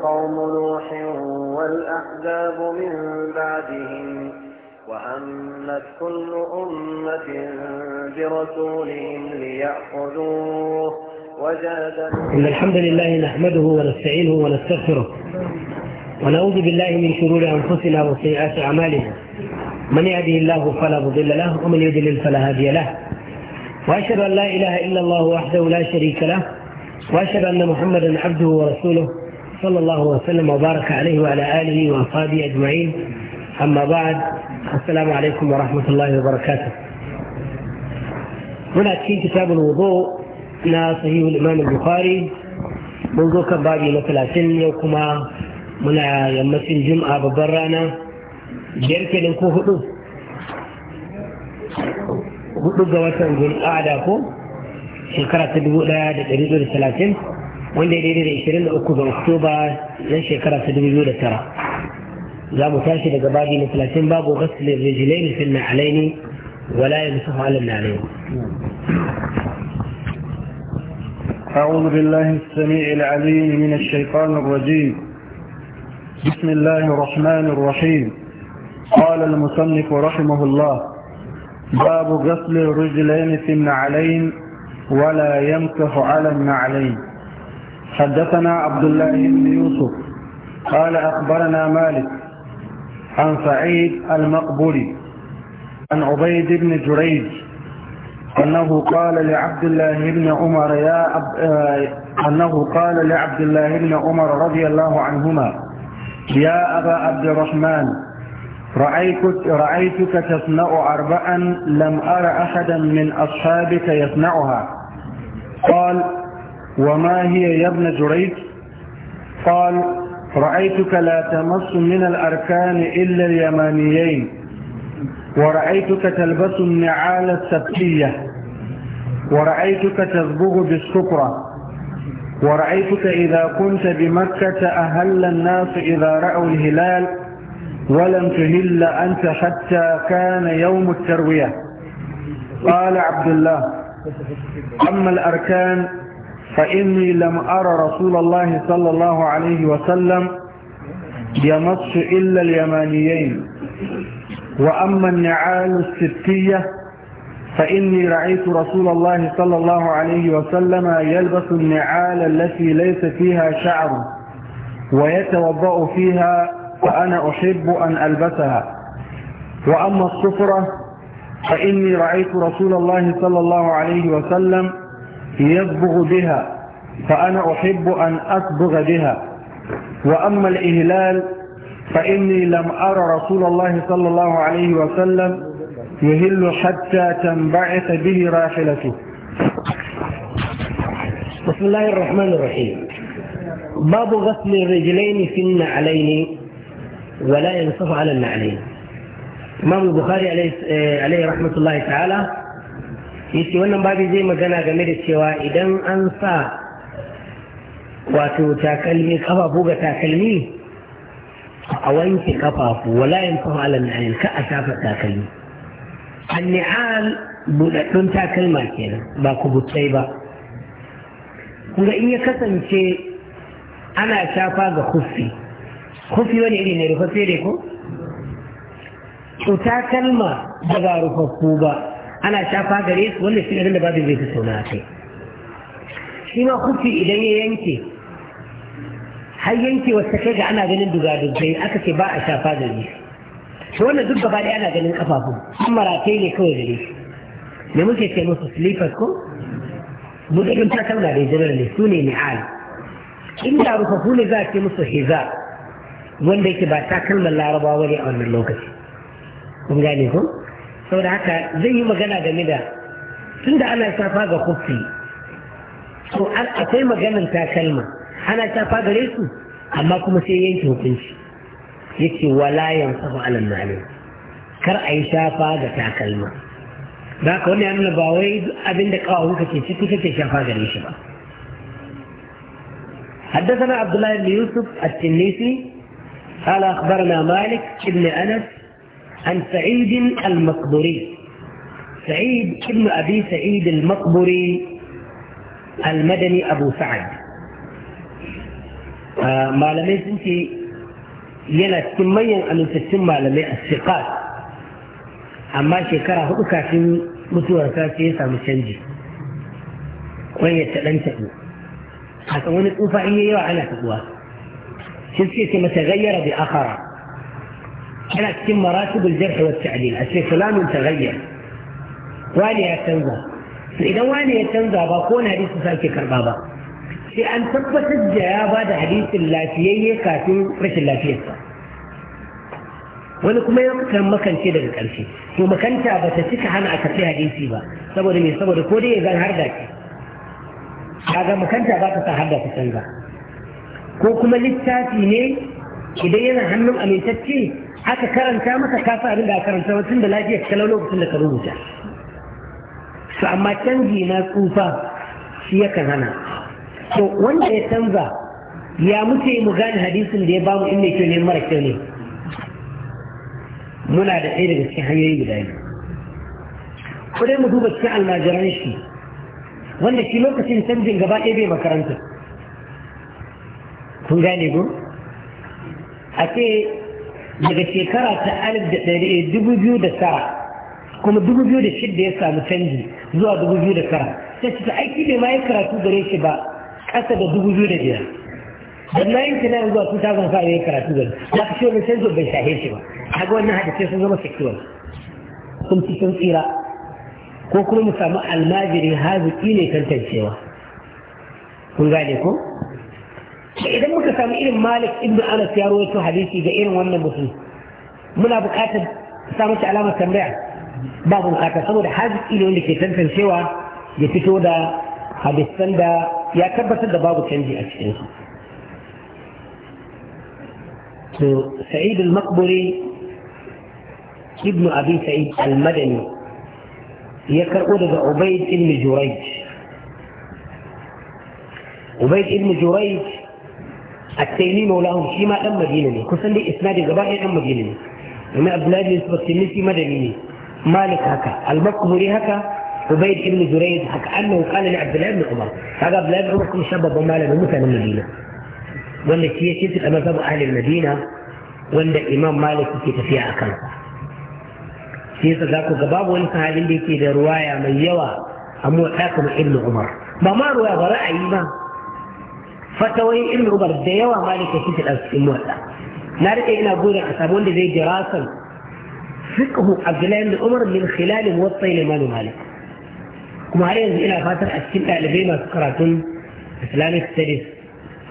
قوم نوح والأحزاب من بعدهم وهمت كل أمة برسولهم ليأخذوه وجادلوا إن الحمد لله نحمده ونستعينه ونستغفره ونعوذ بالله من شرور أنفسنا وسيئات أعمالنا من يهده الله فلا مضل له ومن يضلل فلا هادي له وأشهد أن لا إله إلا الله وحده لا شريك له وأشهد أن محمدا عبده ورسوله صلى الله وسلم وبارك عليه وعلى آله وأصحابه أجمعين أما بعد السلام عليكم ورحمة الله وبركاته هنا في كتاب الوضوء نا صحيح الإمام البخاري منذ كان بابي مثلا سن يوكما منع يمسي الجمعة ببرانا جركة لنكو هدو هدو قواتا نقول أعداكو شكرا تدبو لا تدريد الثلاثين wanda ya daidai da 23 ga oktoba na shekara ta 2009 za mu tashi daga babi na 30 babu ghasilin rijilaini fil na alaini wala ya musu halin na alaini. أعوذ بالله السميع العليم من الشيطان الرجيم بسم الله الرحمن الرحيم قال المصنف رحمه الله باب غسل الرجلين في النعلين ولا يمسح على النعلين حدثنا عبد الله بن يوسف قال أخبرنا مالك عن سعيد المقبولي عن عبيد بن جريج أنه قال لعبد الله بن عمر يا أب... آه، أنه قال لعبد الله بن عمر رضي الله عنهما يا أبا عبد الرحمن رأيتك, رأيتك تصنع أربعا لم أر أحدا من أصحابك يصنعها قال وما هي يا ابن جريج قال رأيتك لا تمس من الأركان إلا اليمانيين ورأيتك تلبس النعال السبتية ورأيتك تزبغ بالسكرة ورأيتك إذا كنت بمكة أهل الناس إذا رأوا الهلال ولم تهل أنت حتى كان يوم التروية قال عبد الله أما الأركان فإني لم أرى رسول الله صلى الله عليه وسلم يمص إلا اليمانيين وأما النعال الستية فإني رأيت رسول الله صلى الله عليه وسلم يلبس النعال التي ليس فيها شعر ويتوضأ فيها وأنا أحب أن ألبسها وأما الصفرة فإني رأيت رسول الله صلى الله عليه وسلم يصبغ بها فأنا أحب أن أصبغ بها وأما الإهلال فإني لم أرى رسول الله صلى الله عليه وسلم يهل حتى تنبعث به راحلته بسم الله الرحمن الرحيم باب غسل الرجلين في النعلين ولا ينصف على النعلين الإمام البخاري عليه, عليه رحمة الله تعالى yace wannan babu zai magana game da cewa idan an sa wato takalmi kafafu ga takalmi a wanke kafafu wala yin fa ala ni'al ka a shafa takalmi an ni'al budaddun takalma kenan ba ku bucai ba kuma in ya kasance ana shafa ga kufi kufi wani iri ne rufe ko Ku takalma ba ga rufaffu ba ana shafa gare su wanda shi ne da babin zai fi sauna a kai shi ma kufi idan ya yanke har yanke wasu kai ga ana ganin dugadugai aka ce ba a shafa gare shi wannan duk gaba ana ganin kafafun sun maratai ne kawai gare su me muke ce musu slippers ko buɗaɗɗun na da jirar ne su ne ni'al da rufafu ne za a ce musu hiza wanda yake ba takalman larabawa ne a wannan lokaci kun gane ko saboda haka zai yi magana game da tunda ana shafa ga kufi to akwai maganin takalma ana shafa gare su amma kuma sai yanke hukunci yake wala sabu alal ma'lum kar a yi shafa ga takalma da ka wani nuna ba wai abin da kawahun ka ke ciki kake shafa gare shi ba حدثنا عبد الله بن يوسف التنيسي قال اخبرنا مالك بن انس عن سعيد المقبري سعيد ابن أبي سعيد المقبري المدني أبو سعد آه، ما لم يسنتي يلا تسمي أن تسمى لم يأسقات أما شكره في مسور كاسي يسام الشنجي وين يتلن تقو حتى وين تقو فعيني يوعنا تقوى شنسي كما تغير بآخره حلت في مراتب الجرح والتعديل الشيخ فلان تغير والي تنزع إذا والي تنزع بكون حديث سالك كربابا في أن تبت الجواب هذا حديث اللاتيية كاتم رش اللاتيية ولكم ما كان ما كان كده كان شيء هو ما كان تعب تسيك حنا أكثر حديث سبا سبب من سبب كودي إذا هردا هذا ما كان تعب تتحدى تنزع كوكما للتاتي ني إذا ينا أمين تتكي aka karanta maka kasa abin da aka karanta wasu da lafiya kalau lokacin da ka rubuta to amma canji na tsufa shi ya hana to wanda ya canza ya muke mu gane hadisin da ya bamu in mai kyau ne mara kyau ne muna da ɗaya daga cikin hanyoyi guda biyu ko dai mu duba cikin almajiran shi wanda shi lokacin canjin gaba ɗaya bai makaranta kun gane ko a ce daga shekara ta alif da ɗari dubu biyu da tara kuma dubu biyu da shidda ya samu canji zuwa dubu biyu da tara ta cika aiki bai ma yi karatu gare shi ba ƙasa da dubu biyu da biyar da na yin tunanin zuwa sa ya yi karatu gare za ka ce wani canji bai shahe shi ba ga wannan hadisai sun zama sexual sun fi sun tsira ko kuma mu samu almajiri haziki ne tantancewa kun gane ko إذا مكا سامي إلم مالك ابن أنا يا رويتو حديثي إذا إلم وانا مسلم منا بقاتا سامت علامة سمرع باب مقاتا سامي حاج إلي وانا كي تنفن سوا يتكو دا حديث سندا يا كبسا دا باب كنجي أشكين سعيد المقبري ابن أبي سعيد المدني يكرؤ دا عبيد ابن جريج عبيد ابن جريج التيمي مولاهم شيما دم مدينني كسن دي اسناد غباي دم مدينني ان عبد الله بن سبت في مدينني مالك هكا المقبري هكا عبيد بن جريج هكا انه قال لعبد الله بن عمر هذا عبد الله بن عمر كم شباب ومال من مثل المدينه وان هي كيف مذهب اهل المدينه وان الامام مالك في تفيا اكل كيف ذاك غباب وان فهذه اللي في روايه من يوى امو حاكم ابن عمر ما ما روايه رايي ما fatawoyin ibn umar da yawa malik ya fi da cikin muwatta na rike ina gurin a samu wanda zai jirasan fiqhu abdullahi ibn umar min khilal muwatta ila malik kuma har yanzu ina fatar a cikin ɗalibai masu karatun islamic studies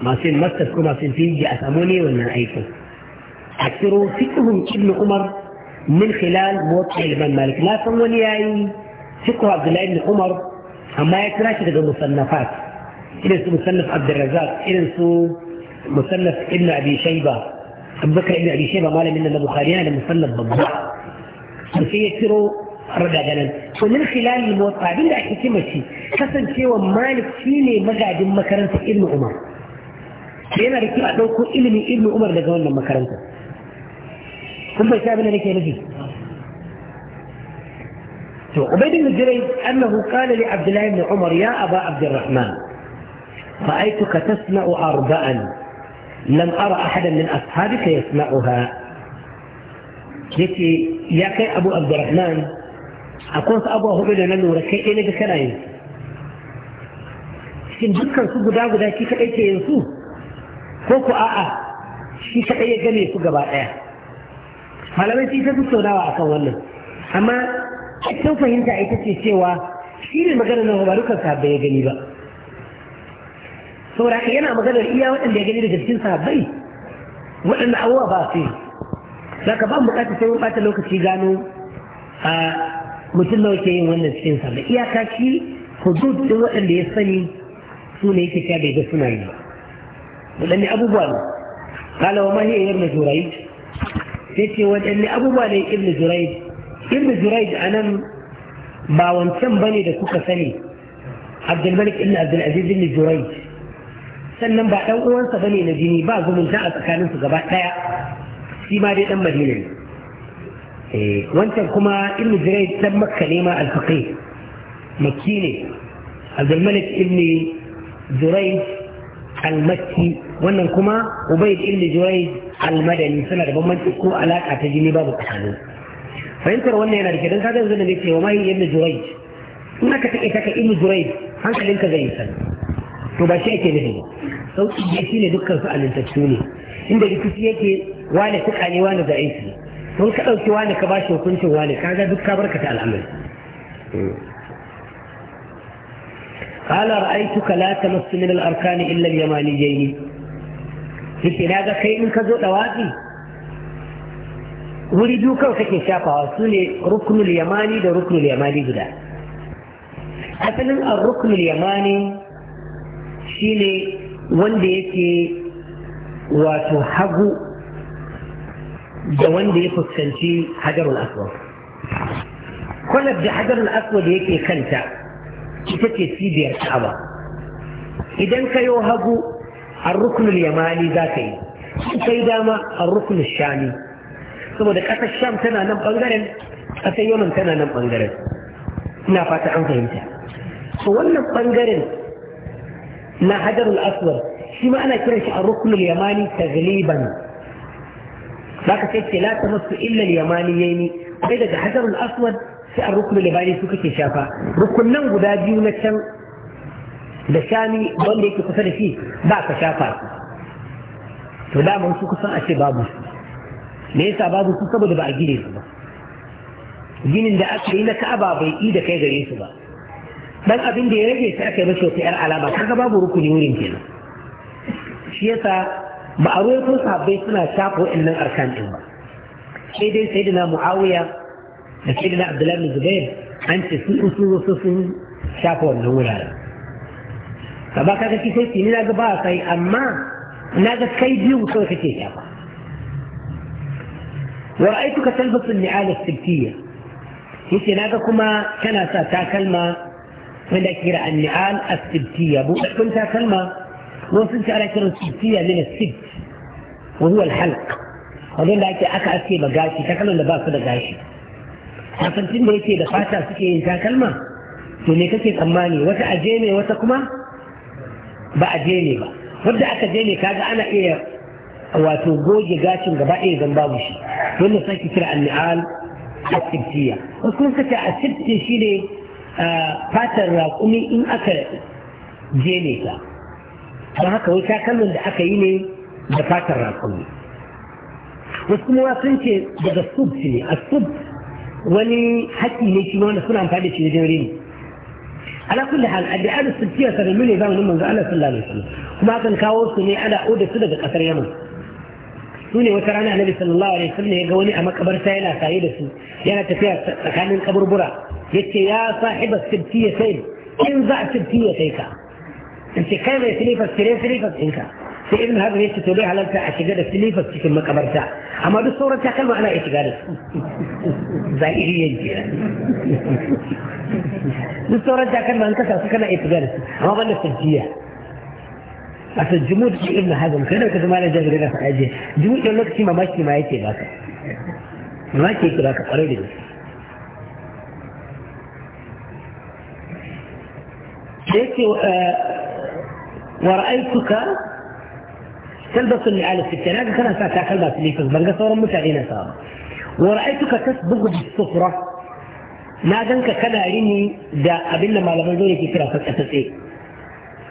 masu yin masters ko masu yin fiye a samu ne wannan aikin a kiro fiqhun ibn umar min khilal muwatta ila malik na san wani yayi fiqhu abdullahi ibn umar amma ya kira shi daga musannafat إلى اسم مسلف عبد الرزاق إلى اسم مسلف ابن أبي شيبة أبو بكر ابن أبي شيبة قال من البخاري أنا مسلف بالضبع فسيكتروا رجالا ومن خلال الموطع بلا حكمة شيء حسن شيء مالك شيء مقعد مكرنة ابن عمر فينا لو أدوكو إلمي ابن عمر لقوان لما ثم يتابعنا لك يا نبي عبيد بن جريج انه قال لعبد الله بن عمر يا ابا عبد الرحمن رأيتك تصنع أربعا لم أرى أحدا من أصحابك يصنعها يتي يا كي أبو عبد الرحمن أكون أبو هبل ننو ركي إلي بكلاين shin dukkan su guda guda shi kaɗai ke yin ko ku a'a shi kaɗai ya game su gaba ɗaya malamai su ita akan wannan amma kyau fahimta ita ce cewa shi ne maganar nan ba dukkan sabbai ya gani ba saboda haka yana maganar iya waɗanda ya gani daga cikin sahabbai waɗanda abubuwa ba su za ka ba mu bukatar sai mun bata lokaci gano a mutum nawa ke yin wannan cikin da iyaka shi hudud ɗin waɗanda ya sani su ne yake kya bai ga suna yi waɗanne abubuwa ne kala wa mahi ibn jurayd sai ce waɗanne abubuwa ne ibn jurayd ibn a nan ba wancan bane da kuka sani abdulmalik ibn abdulaziz ibn jurayd sannan ba ɗan uwansa bane na jini ba zumunta a tsakaninsu gaba ɗaya shi ma dai ɗan madina ne wancan kuma ibn jirai ɗan makka ne ma alfaƙi makki ne abdulmalik ibn jirai almakki wannan kuma ubaid ibn jirai almadani suna da bambanci ko alaƙa ta jini babu tsakani fahimtar wannan yana da kyau don kaga yanzu da nake wa mai ibn jirai in aka taƙaita ka ibn jirai hankalinka zai yi sani to ba shi ake nufi ba sauki ne shine dukkan su amintattu ne inda rikici yake wane tuka ne wane da aiki sun ka ɗauki wane ka bashi hukuncin wane ka ga duk ka barka ta al'amari la رأيتك لا al-arkani illa إلا اليمانيين yake na ga kai in ka zo dawaki wuri biyu kawai kake shafawa su ne rukunul yamani da rukunul yamani guda asalin a rukunul yamani shine wanda yake wato hagu da wanda ya fuskanci hajarul aswad kwanar da hajarul aswad yake kanta ita ce cibiyar ka'aba idan ka yi hagu a rukunul yamani za ka yi kai dama a rukunul shami saboda ƙasar sham tana nan ɓangaren ƙasar yaman tana nan ɓangaren ina fata an fahimta wannan ɓangaren na hajarul aswar shi ma ana kiran shi a rukunul yamani Za ka sai ce la tamassu illa yamani yayi sai daga hajarul aswar sai a rukunul yamani su kake shafa rukunnan guda biyu na can da shani wanda yake kusa da shi ba ka shafa to daman su kusan a ce babu su me yasa babu su saboda ba a gine su ba ginin da aka yi na ka'aba bai yi da kai gare su ba dan abin da ya rage sai aka yi mashi wata yar alama kaga babu rukuni wurin kenan shi yasa ba a ruwaito sahabbai suna shafo wa'annan arkan din ba sai dai sayyidina muawiya da sayyidina abdullahi bin zubair an ce sun usu su sun shafa wannan wuraren ka ba kaga sai ni na ga ba sai amma na ga kai biyu kawai kake shafa ورأيتك تلبس النعال na ga kuma kana sa takalma. wanda ake kira anni'al as-sibtiyya ta kalma? wasu ce ana kiran sibtiyya min as-sibt wa huwa al-halq wajen da ake aka aske ba gashi takalman da ba su da gashi kasancin da yake da fata suke yin takalma to me kake tsammani wata aje ne wata kuma ba aje ne ba Wanda aka je ne kaga ana iya wato goge gashin gaba ɗaya zan babu shi wanda sake kira anni'al as-sibtiyya wasu suka ce as-sibti shine fatar raƙumi in aka jene ta kuma haka wani takalmin da aka yi ne da fatar raƙumi wasu kuma wasu ce daga sub ne a sub wani haƙi ne shi wanda suna amfani da shi wajen rini ala kulli hal addu'a su ciya sanannu ne zamanin manzo Allah sallallahu alaihi wasallam kuma kan kawo su ne ana oda su daga kasar Yaman su ne wata rana annabi sallallahu alaihi wasallam ya ga wani a makabarta yana saye da su yana tafiya tsakanin kaburbura قلت يا صاحب السبتية سيد انزع سبتية سيكا انت كيف يسليف السليف سليف السليف في ابن هذا ليس تقولي هل انت اعتقاد السليف السليف ما كبرتا اما بالصورة تاكل معنى اعتقاد زائري ينجي بالصورة تاكل معنى كسر سكنا اعتقاد اما بل السبتية بس الجمود في ابن هذا مكينا كذا ما لجاز رينا فعجي جمود يقول لك ما ماشي ما يتي باكا ما يتي باكا قريب هيك آه، ورأيتك تلبس النعال في التناجة كان ساعتها تلبس لي في صورة متعينة صار ورأيتك تسبغ بالصفرة ما دنك كلا ريني دا أبلا ما لما دوني في فرصة أساسي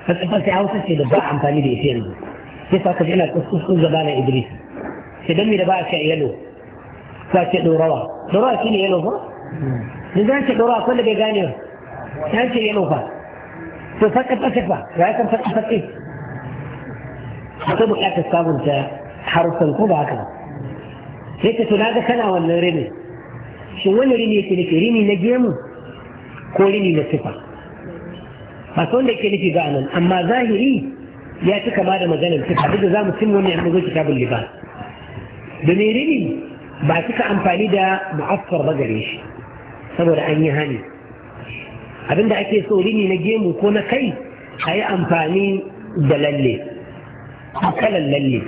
فالأفاسي عاوسة في دباع عن فاني دي إثيان كيف أكجعنا تسكس كل زبان إدريس سدمي دباع كأيلو فاتح دوروا دوروا كيني يلوفا لذلك دوروا كل بيقانيو كانت يلوفا to faɗa faɗa ba ya kan faɗa faɗa akwai buƙatar sabunta harufan ko ba haka ba sai ka tuna ga kana wannan rini shin wani rini yake nufi rini na gemu ko rini na sifa ba son da yake nufi ba nan amma zahiri ya ci kama da maganar sifa duk da za mu cin wannan yanzu zai kitabun libas domin rini ba cika amfani da mu'affar ba gare shi saboda an yi hani abinda ake so rini na gemu ko na kai a yi amfani da lalle kalan lalle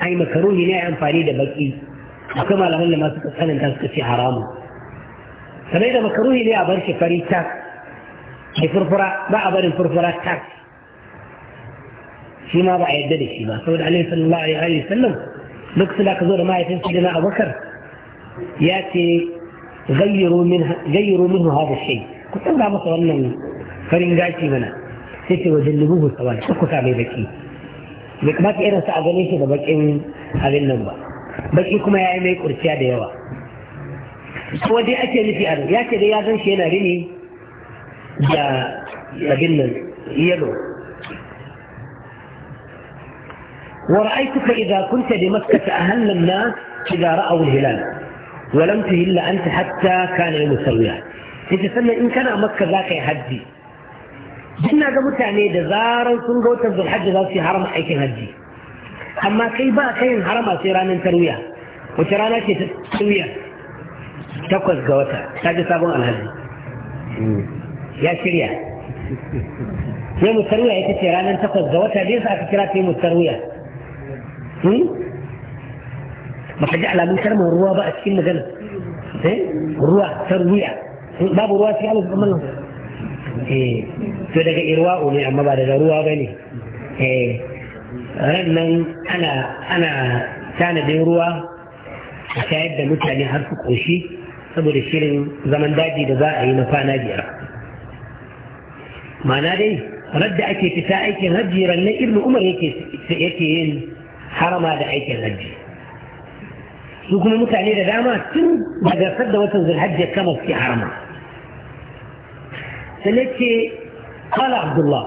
a yi makaroni ne a yi amfani da baki akwai malaman da masu tsananta suka ce haramu sanai da makaroni ne a bar shi fari tak shi furfura ba a barin furfura tak shi ma ba a yadda da shi ba saboda alaihi sallallahu alaihi sallam lokacin da ka zo da mahaifin shi na abubakar ya ce gayyaro minhu hada shai ku canza masa wannan farin gashi mana sai ce wajen lububu sawan ta kuka mai baki bai kamata irin sa a gane shi da bakin abin nan ba baki kuma ya yi mai kurciya da yawa ko dai ake nufi a ya ce dai ya san shi yana rini da abin nan yalo ورأيتك إذا كنت بمكة أهل الناس إذا رأوا الهلال ولم تهل أنت حتى كان يوم السويات yake sannan in kana makka za ka yi hajji duk ga mutane da zarar sun ga watan zulhajji za su yi harama aikin hajji amma kai ba ka yin harama sai ranar tarwiya wace rana ce ta tarwiya takwas ga wata ta ji sabon alhaji ya shirya sai mu tarwiya ita ce ranar takwas ga wata dai sa aka kira sai mu tarwiya ba ka ji alamun kalmar ruwa ba a cikin magana ruwa tarwiya babu ruwa cikin alif amma eh to daga irwa'u ne amma ba daga ruwa bane eh ran nan ana ana tanadin ruwa a shayar da mutane har su koshi saboda shirin zaman daji da za a yi na kwana biyar ma'ana dai radda ake fita aikin hajji na ibnu umar yake yake yin harama da aikin hajji su kuma mutane da dama tun daga sadda watan zulhajji kama suke harama sai ce kala abdullah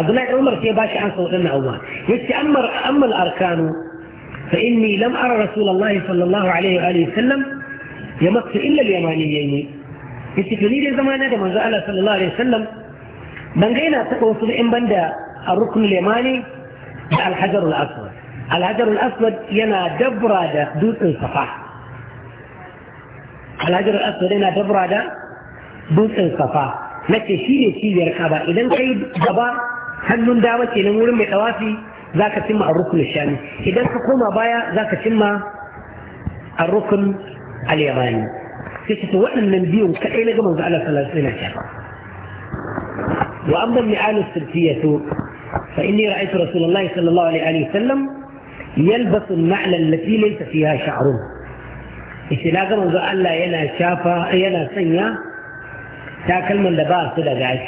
abdullah ibn umar sai ba shi an sauɗin na umar yace amma amma al-arkanu fa inni lam ara rasulullah sallallahu alaihi wa alihi sallam yamassu illa al-yamaniyyin yace to ni dai zamana da manzo Allah sallallahu alaihi wasallam ban ga yana taɓa wasu in banda ar-rukn al-yamani da al-hajar al-aswad الهجر الاسود ينا دبرا دا انصفاح صفا الهجر الاسود ينا دبرا دا انصفاح صفا نكي شيني شيني ركابا اذا كي دبا هل من دعوة كي نمور من دوافي ذاك تم الركن الشامي اذا تقوم بايا ذاك تم الركن الياباني كيف تتوأن من بيهم كأين غمز على ثلاثين شهر وأما النعال السلفية فإني رأيت رسول الله صلى الله عليه وسلم يلبس النعل التي ليس فيها شعر اشتلاقا من ذا ينا شافا ينا سنيا تاكل من لباس لغاش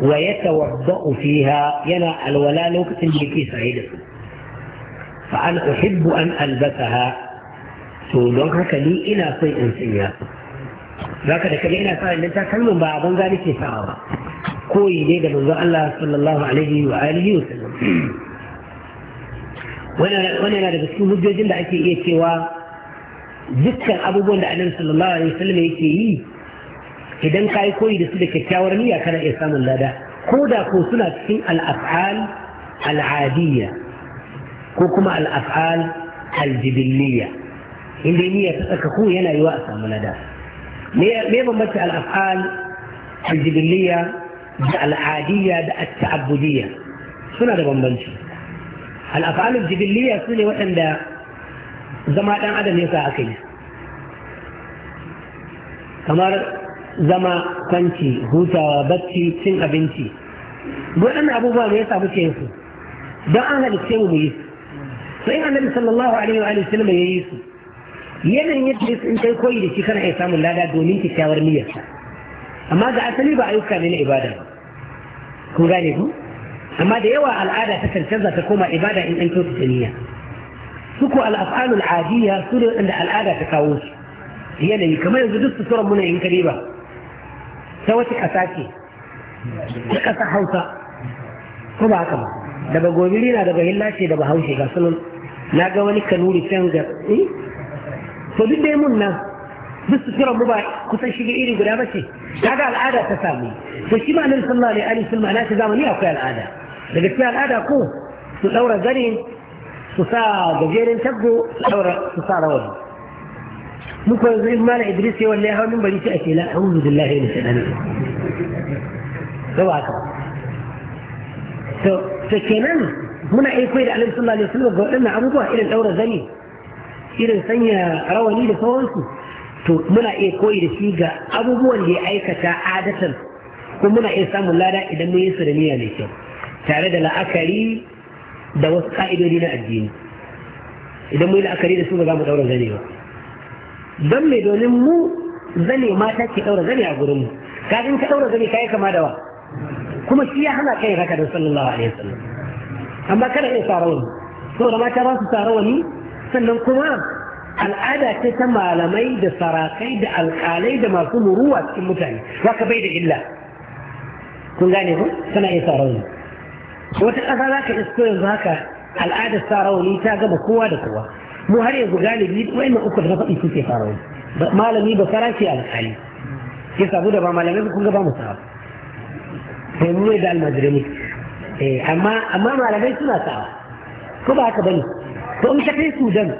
ويتوضأ فيها ينا الولاء لوقت لكي سعيدة فأنا أحب أن ألبسها تولون حكا إنا صيء سنيا ذاك ذاك إنا صيء لن تاكل من بعض ذلك شعر كوي ليدا من الله صلى الله عليه وآله وسلم wannan yana daga cikin hujjojin da ake iya cewa dukkan abubuwan da annabi sallallahu alaihi wasallam yake yi idan ka yi koyi da su da kyakkyawar niyya kana iya samun lada ko da ko suna cikin al'af'al al'adiyya ko kuma al'af'al aljibilliya inda niyya ta tsaka ko yana yiwa a samu lada me bambanci al'af'al aljibilliya da al'adiyya da at suna da bambanci al'afalul jibiliya su ne waɗanda zama ɗan adam ya sa aka yi kamar zama kwanci hutawa bacci cin abinci waɗannan abubuwa ne ya samu ce su don an halitta mu yi su to in annabi sallallahu alaihi wa sallam ya yi su yanayin yadda in kai koyi da shi kana iya samun lada domin miyar niyyarsa amma ga asali ba ayyuka ne na ibada ba kun gane ku amma da yawa al'ada ta canza ta koma ibada in an kyautata niyya ko al'afalu adiyya su ne wanda al'ada ta kawo su yanayi kamar yanzu duk suturan muna yin ba ta wata ƙasa ce ta ƙasa hausa ko ba haka ba da ba gobiri na da ba hillace da ba haushe ga sunan na ga wani kanuri can ga to duk dai mun nan duk suturan mu ba kusan shige iri guda ba ce kaga al'ada ta samu to shi ma nan sallallahu alaihi wasallam ana ce zamani akwai al'ada daga cikin al'ada ko su ɗaura gani su sa gajeren taggo su ɗaura su sa rawar muku yanzu in mana idris ya wallahi hau min bari shi a ce la a'udhu billahi min shaitani saboda haka to ta kenan muna iya koyi da alim sallallahu alaihi wasallam ga waɗannan abubuwa irin ɗaura zani irin sanya rawani da sauransu to muna iya koyi da shi ga abubuwan da ya aikata adatan ko muna iya samun lada idan mun yi su da niyya mai kyau tare da la'akari da wasu ƙa'idodi na addini idan mun la'akari da su ba za mu daura zane ba don me domin mu zane mata ke daura zane a gurin mu kafin ka daura zane yi kama da wa kuma shi ya hana kai raka da sallallahu alaihi wasallam amma kada ya fara wani saboda mata ba su fara wani sannan kuma al'ada ce ta malamai da sarakai da alƙalai da masu muruwa cikin mutane haka bai da illa kun gane ko tana iya fara wani wata ƙasa za ka isko yanzu haka al'adar Sarawani ta gaba kowa da kowa mu har yanzu galibi wayannan uku da na faɗi suke sa rawani malami ba farashi alƙali ya sabu da ba malamai kun ga ba mu sawa sai mu da almajirmi eh, amma amma malamai suna sawa ko ba haka bane to in ka kai sudan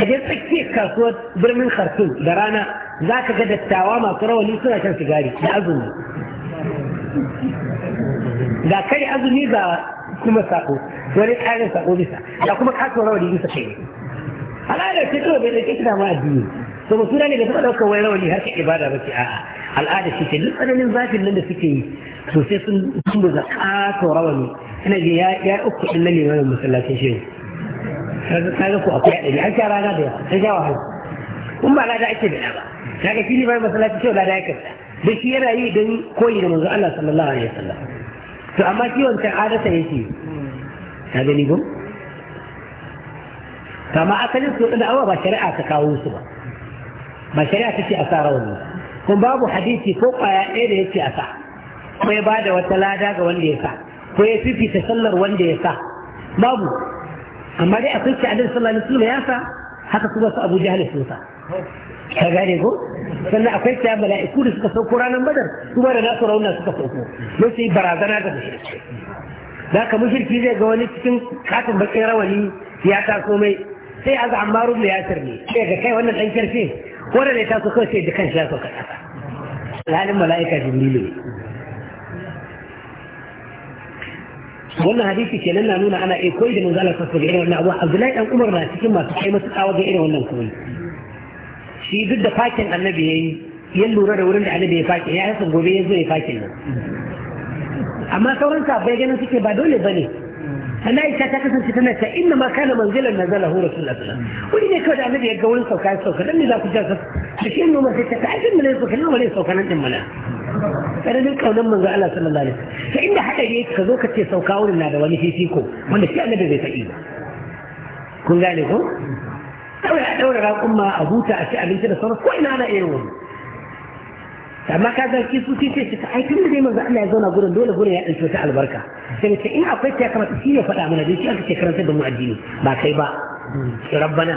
a je tsakiyar kasuwar birnin khartoum da rana za ka ga dattawa masu rawani suna shan sigari da azumi da kai azumi ga kuma sako wani ƙarin sako bisa da kuma kasuwar rawani bisa kai al'adar ce kawai bai ɗauke shi dama addini to ba suna ne da suka ɗaukar wani rawani har ka ibada ba ce a'a al'ada shi ce duk tsananin zafin nan da suke yi to sai sun tumbuza ƙato rawani ina je ya uku din nan ne wannan masallacin shi kaga ko akwai ɗari an sha rana da yawa an sha wahala in ba lada ake da ba kaga shi bai bayan masallacin shi lada ya kasta da shi yana yi don koyi da manzo Allah sallallahu alaihi wasallam to amma kiwon can adata yake ta gani ko kama asalin su da awa ba shari'a ta kawo su ba ba shari'a ta ce a sa rawani kun babu hadisi ko kwaya ɗaya da yake a sa ko ya ba da wata lada ga wanda ya sa ko ya fifita sallar wanda ya sa babu amma dai akwai ce a dan sallar wasallam ya sa haka kuma su Abu Jahl sun sa ka gane ko sannan akwai ta mala'iku da suka sauko ranar badar kuma da nasu rauna suka sauko don su yi barazana ga mushriki da ka mushriki zai ga wani cikin katin bakin rawani ya taso mai sai a amma rubna ya ne sai ga kai wannan dan karfe ko da ne taso kawai sai da kan shi ya sauka mala'ika jibrilu wannan hadisi kenan na nuna ana iya koyi da manzo Allah sallallahu alaihi wasallam Abdullahi dan Umar na cikin masu kai masu kawo ga irin wannan koyi shi duk da fakin annabi ya yi ya lura da wurin da annabi ya fakin ya yasa gobe ya zo ya fakin nan amma sauran sabai ganin suke ba dole ba ne sannan aisha ta kasance tana ta inna ma kana manzilan na zala hura sun lasala wani ne kawai da annabi ya ga wurin sauka ya sauka dan ne za ku ja sa da shi noma sai ta ta'ajin mana ya sauka na wani sauka nan din mana tsananin kaunan manzo Allah sallallahu alaihi wasallam ta inda hadari yake ka zo ka ce sauka wurin na da wani fifiko wanda shi annabi bai faɗi ba kun gane ko kawai a ɗaura raƙumma a huta a ci abinci da sauran ko ina na iya wani amma ka ga ki su ce shi ta aikin da dai manzo Allah ya zauna gurin dole gurin ya ɗauki wata albarka sai ce in akwai ta kamata shi ya faɗa mana dai shi aka ce karanta da mu addini ba kai ba rabbana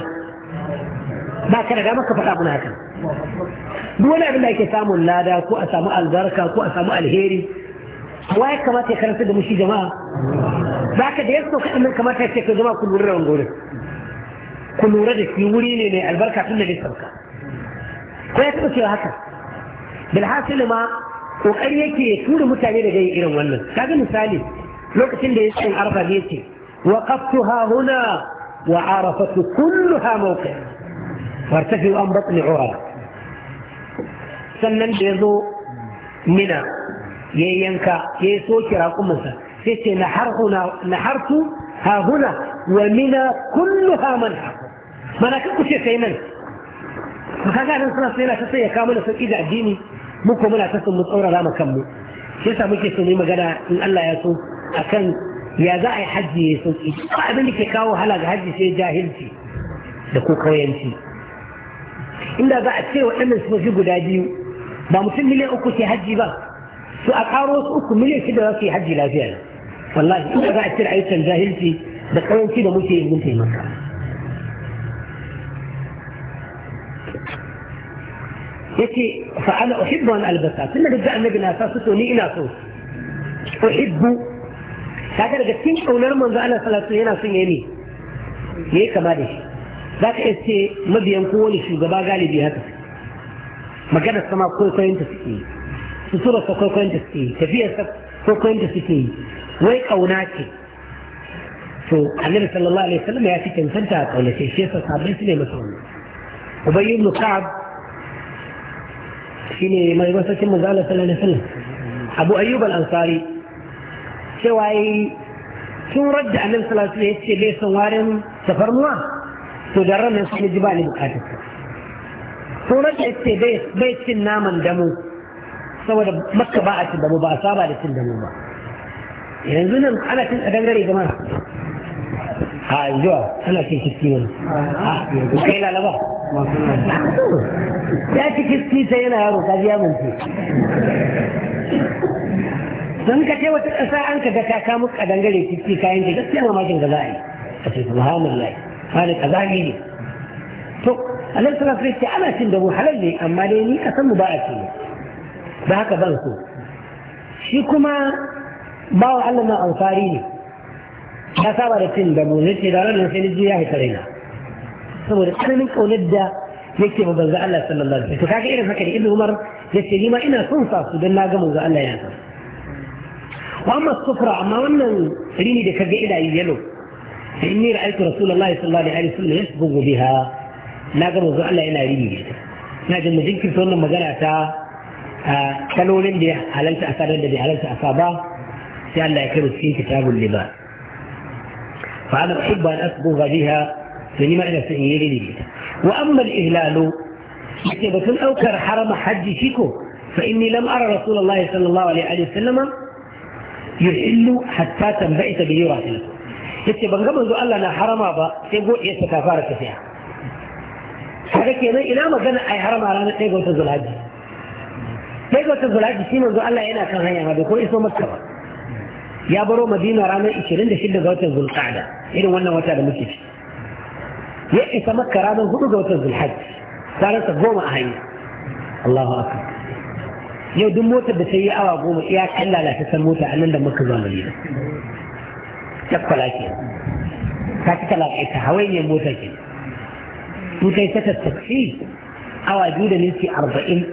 ba ka da dama ka faɗa mana hakan duk wani abin da ake samun lada ko a samu albarka ko a samu alheri wa ya kamata ya karanta da mu shi jama'a ba ka da yaso kaɗan kamata ya ce ka zama ku lura da wani ku lura da shi wuri ne mai albarka tun da bai sauka ko ya taɓa cewa haka bilhassili ma ƙoƙari yake ya tura mutane daga yin irin wannan kaga misali lokacin da ya tsayin arfa ne ce wa qaftuha huna wa arafatu kulluha mawqi wartafi an batni urara sannan da ya zo mina ya yanka ya soke raƙumansa sai ce na hartu ha huna wa mina kulluha manha bana kan ku ce kai nan to kaga nan suna sai na ta sai ya kawo mana sauki da addini mu ko muna ta sun mu tsaurara mu kanmu shi yasa muke so mai magana in Allah ya so akan ya za a yi hajji ya sauki ba abin da ke kawo hala ga hajji sai jahilci da ko kauyanci inda za a ce waɗannan mafi guda biyu ba mutum miliyan uku ke hajji ba su a ƙaro su uku miliyan shida za su yi hajji lafiya wallahi inda za a cire ayyukan jahilci da karanci da muke yin mun taimaka يكي فأنا أحب أن ألبسها سنة جزاء النبي نهاية ستو ني إنا سو أحب تاكر جسين أو نرمان ذا أنا صلاة سينا سيني يكي كما دي ذاك إستي مدي ينقوني شو غبا غالي بي هكذا ما كان السماء كوي كوي انت سكي سطورة كوي كوي انت سكي كفية سك كوي كوي انت سكي ويك أو سو النبي صلى الله عليه وسلم يأتي كنسنتات أو لكي شيئا صابرين سنة مسؤولة وبيبنو كعب ne mai masaukin manzo Allah sallallahu alaihi wasallam Abu Ayyub al-Ansari cewa yi sun radda annabi sallallahu alaihi wasallam yace bai san warin tafarnuwa to da ranar nan sai ji ba ni bukatar tun radda yace bai bai cin naman damu saboda makka ba a cin damu ba a saba da cin damu ba yanzu nan ana cin a dangare gama? a yanzu ana cin kiski ne a kai lalaba ya ci kiski sai yana yaro ka ji yamince sun ka ce wata ƙasa an ka ga ka kamu dangare kiski kayan ta gaskiya mamakin ga za a yi a ce subhanallah wani kazali ne to alaihi salatu wasallam ce ana cin da mu halal ne amma dai ni a san mu ba a ci ba haka ban so shi kuma ba wa Allah na amfari ne ya saba da cin da mu ne ce da ranar sai ni ji ya haifare na saboda tsananin kaunar da yake ba banza Allah sallallahu alaihi wasallam to kaga irin haka ne ibnu umar yace ni ma ina son sa su dan na ga manzo Allah ya sa wa amma sufra amma wannan rini da kaga ina yi yalo inni ra'aytu rasulullahi sallallahu alaihi wasallam yasbugu biha na ga manzo Allah yana rini da ita na jin mujinkin wannan magana ta kalolin da halalta a sadar da bai halalta a saba sai Allah ya kai cikin kitabul libas فأنا أحب أن أصبغ بها فلما أنا سئيري لي وأما الإهلال يتبتن أوكر حرم حج شكو فإني لم أرى رسول الله صلى الله عليه وسلم يحل حتى تنبئت به راحلة يتبن قبل ذو الله حرم با سيبو fara tafiya haka kenan ina magana ai harama ranar ɗaya ga watan zulhaji ɗaya ga watan zulhaji shi manzo Allah yana kan hanya ma bai ko iso makka ba ya baro madina ranar 26 ga watan zulqa'da irin wannan wata da muke ciki يئس مكة رابا هدوك وتوز الحج دارة قوم أهي الله أكبر يو دم موتا بسيئة وقوم يا كلا لا تسموتا أنا لم مكة زوان مليئة تبقى لكي تاكي تلا عيسا هوين يموتا جن موتا يتسا التكسير أو أجود أن يلتي أربعين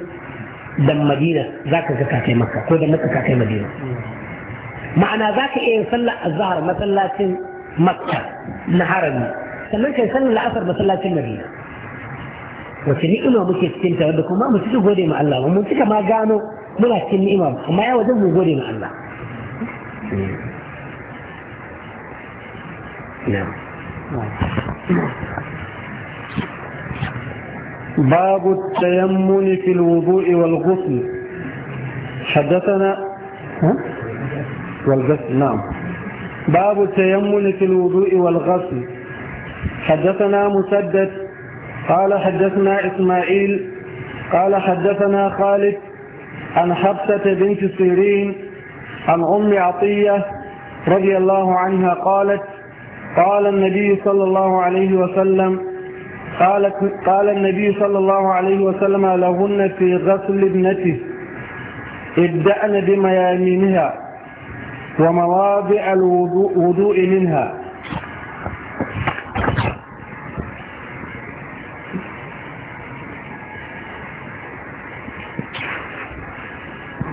دم مدينة ذاك زكاة مكة كو دم مكة كاكي مدينة معنى ذاك إيه صلى الظهر مثلا سن مكة نهارا sannan kai sallar la'asar masallacin madina wace ni'ima muke cikin ta wanda kuma mu cika gode ma Allah mun cika ma gano muna cikin ni'ima amma ya wajen mu gode ma Allah باب التيمم في الوضوء والغسل حدثنا والغسل نعم باب التيمم في الوضوء والغسل حدثنا مسدد قال حدثنا إسماعيل قال حدثنا خالد عن حفصة بنت سيرين عن أم عطية رضي الله عنها قالت قال النبي صلى الله عليه وسلم قالت قال النبي صلى الله عليه وسلم لهن في غسل ابنته ابدأن بميامينها ومواضع الوضوء منها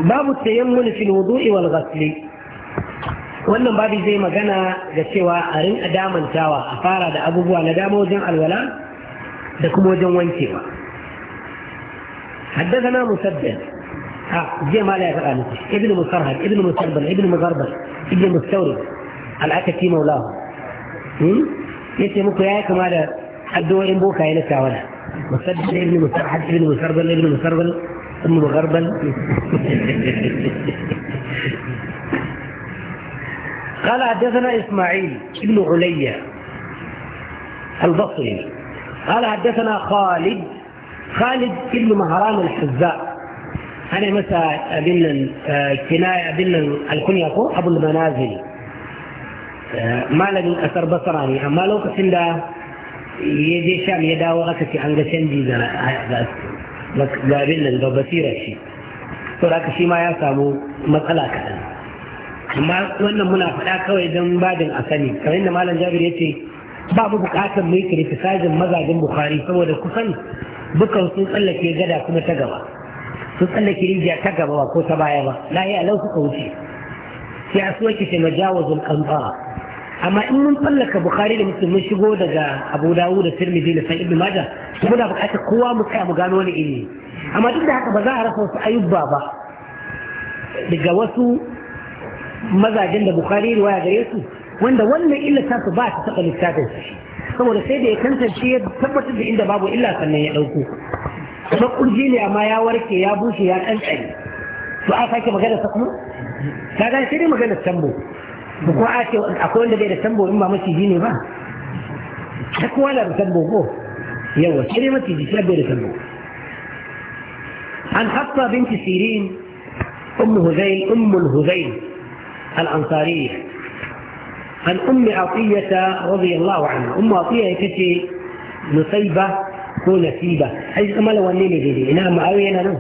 babu tayammul fil wudu'i wal ghasli wannan babu zai magana da cewa a rinka damantawa a fara da abubuwa na dama wajen alwala da kuma wajen wankewa حدثنا مسدد ها زي ما لا يفعل ابن مسرهد ابن مسربل ابن مغربل ابن مستورد العتكي مولاه يتي مكو يا كما da addu'o'in bokaye na shawara musaddad ibn musarhad ibn musarbal ibn musarbal أم غربل قال حدثنا إسماعيل بن علي البصري قال حدثنا خالد خالد بن مهران الحزاء أنا مسا أبن آه، كناية أبن الكنية أبو المنازل آه، ما لم أثر بصراني أما لو كنت يجي شام sham ya dawo aka ga abin nan da basira shi to haka shi ma ya samu matsala kaɗan amma wannan muna faɗa kawai don badin a sani kamar yadda malam jabir ya ce ba mu buƙatar mu yi kiritisajin bukhari saboda kusan dukan sun tsallake gada kuma ta gaba sun tsallake rijiya ta gaba ba ko ta baya ba lahi alau suka wuce sai a suwa ki ce majawazul kamfara amma in mun fallaka bukhari da muslim mun shigo daga abu dawud da tirmidhi da sa'id ibn majah muna buƙatar kowa mu tsaya mu gano wani ilimi amma duk da haka ba za a rasa wasu ayyuba ba daga wasu mazajen da bukhari riwaya gare su wanda wannan illa ta su ba ta taɓa littafin shi saboda sai da ya tantance ya tabbatar da inda babu illa sannan ya ɗauko kuma kurji ne amma ya warke ya bushe ya kankare to a sake magana ta kuma ta gane sai dai magana tambo ba ko ake akwai wanda bai da tambo in ba maciji ne ba duk wala da tambo ko yawa sai dai maciji ام هذيل ام الهذيل الانصاريه عن ام عطيه رضي الله عنها ام عطيه كتي نصيبه ونسيبة نصيبه اي كما لو ني ني دي انا معاويه انا نو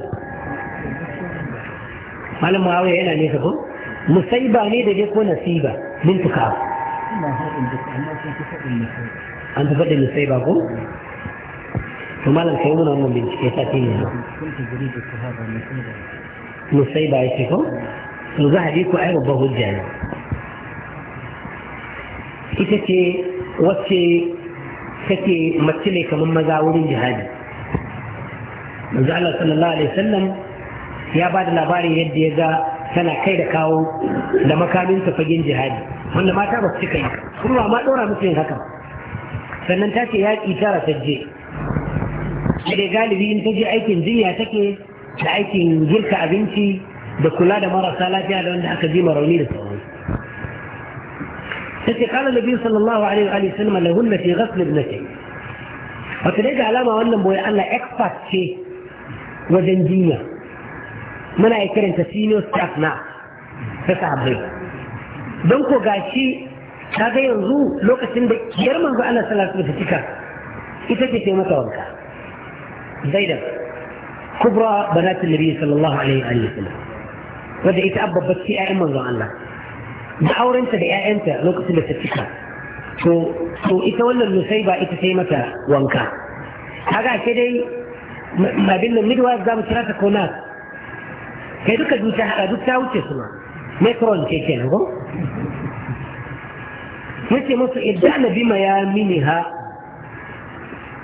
معاويه انا ليس musaiba ne da dai ko nasiba min tuka abu an ta faɗin musaiba ko to malam kai muna mun bincike ta ce ne musaiba ya ce ko to a ko ai babban hujja ne ita ce wacce take mace ne kamar maza wurin jihadi manzo Allah sallallahu alaihi wasallam ya ba da labarin yadda ya ga tana kai da kawo da makamin fagen jihadi wanda mata ba su cika yi kuma ma ɗora musu yin haka sannan ta ce yaƙi tara ta je dai galibi in ta je aikin jinya take da aikin girka abinci da kula da marasa lafiya da wanda aka ji rauni da sauransu ta ce kala nabi sallallahu alaihi wa sallam lahunna fi ghasl ibnati wata dai ga alama wannan boye Allah expert ce wajen jinya muna yi karanta senior staff na ta sahabbai don ko gashi ta ga yanzu lokacin da kiyar manzo Allah sallallahu alaihi wasallam cika ita ce ta mata wanka zaida kubra banat annabi sallallahu alaihi wa sallam wanda ita abbabbar ci ƴaƴan manzon Allah da aurenta da ƴaƴanta lokacin da ta cika to to ita wannan nusaiba ita ta mata wanka kaga sai dai abin nan midwife za mu kira ta ko nas kai duka duta haɗa duk ta wuce su ma micron ke kenan ko yace musu idan ya bi ha?